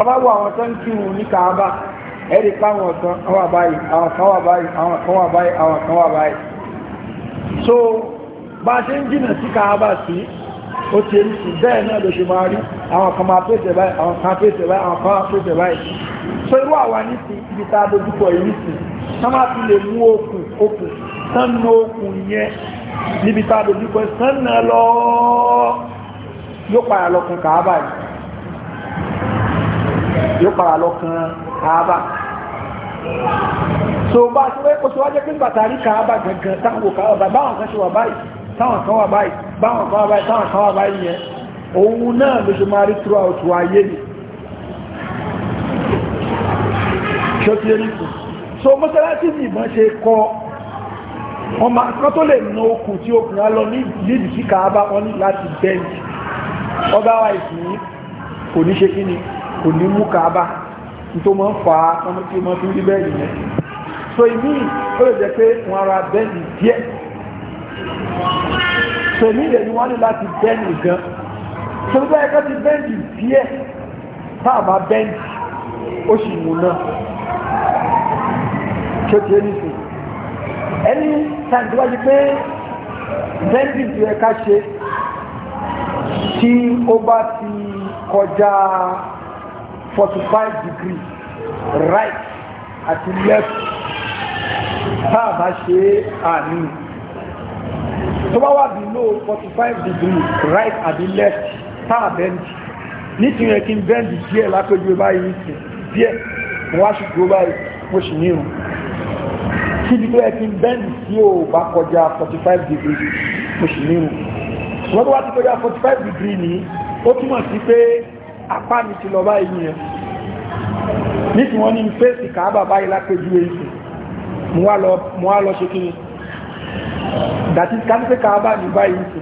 Abáwo àwọn tó ń kírun ní kàábà ẹ̀rí páwọn kan wà báyìí àwọn kan wà báyìí àwọn kan wà báyìí àwọn kan wà báyìí so bá ṣe ń jìnà sí káàbà sí ó ti rí sí bẹ́ẹ̀ náà ló ṣe máa rí àwọn kan máa pèsè báyìí àwọn kan pèsè báyìí àwọn kan pèsè báyìí so irú àwa ní ti ibi tá a dojúkọ yìí sí tá máa fi lè mú okùn okùn sánú okùn yẹn níbi tá a dojúkọ sánú lọ yóò padà lọ kan káàbà yìí yóò padà lọ kan káàbà yìí so bá a ti wẹ́ kó ṣe wájẹ́ pé bàtàrí kàábà gẹ̀gẹ̀ táwọn kàábà báwọn kan ṣe wà báyìí táwọn kan wà báyìí báwọn kan wà báyìí táwọn kan wà báyìí yẹn òun náà ló ṣe máa rí throughout wa ayé ni ṣó ti rí kù so mọ́sálásí ni ìbọn ṣe kọ ọmọ akọ́ tó lè na okùn tí okùn á lọ nídìí sí kàábà wọn ní láti bẹ́ẹ̀ni ọba ìsìn kò ní ṣe kí ni kò ní mú kàábà tó mọ́ ń fa ọmọ tí mọ́ fi rí bẹ́ẹ̀ yìí so ìmí ó lè jẹ́ pé wọ́n ara bẹ́ẹ̀lì díẹ̀ so ìmí ìdẹ̀ ni wọ́n ní láti bẹ́ẹ̀lì gan so bí báyẹ̀ká ti bẹ́ẹ̀lì díẹ̀ táà bá bẹ́ẹ̀lì ó sì mú náà tó ti ẹni sùn ẹni táà tó wájú pé bẹ́ẹ̀lì tó ká ṣe tí ó bá ti kọjá 45 degrees right àti left tá a bá ṣe àní tó bá wà below 45 degrees right àti left tá a bend nítorí yẹn kí n bend díẹ̀ lápẹjú báyìí nìkan díẹ̀ wọ́n á sì dúró báyìí mo sì ní irun síbi tó yẹ kí n bend sí ò bá kọjá 45 degrees mo sì ní irun wọ́n tó wá ti kọjá 45 degrees ní ó túmọ̀ sí pé apá mi ti lọ báyìí yẹn ní tí wọ́n ní fèsì kàábà báyìí lápẹjú èsì mo wá lọ ṣe kí ni dàtí kánífẹ́ kàábà ní báyìí sí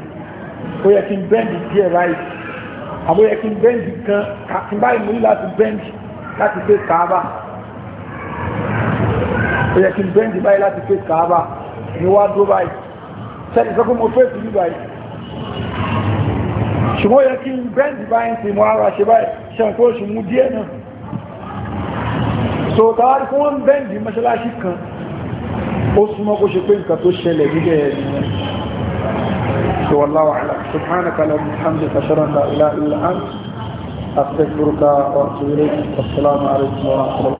ó yẹ kí n bẹ́ǹdì díẹ̀ báyìí àbó yẹ kí n bẹ́ǹdì kan kí n báyìí mo ní láti bẹ́ǹdì láti fẹ́ kàábà ó yẹ kí n bẹ́ǹdì báyìí láti fẹ́ kàábà ni wá dó báyìí sẹ́ni sọ pé mo fèsì ní báyìí ṣùgbọ́n yẹ kí n bẹ́ǹdì báyìí ti mọ́ ara ṣe báyìí ṣẹ̀kọ́ oṣù mú díẹ̀ náà so tàwárí fún wọ́n bẹ́ǹdì mọ́ṣáláṣí kan ó súnmọ́ kó ṣe pé nǹkan tó ṣẹlẹ̀ nílẹ̀ ẹ̀yìn so wallahu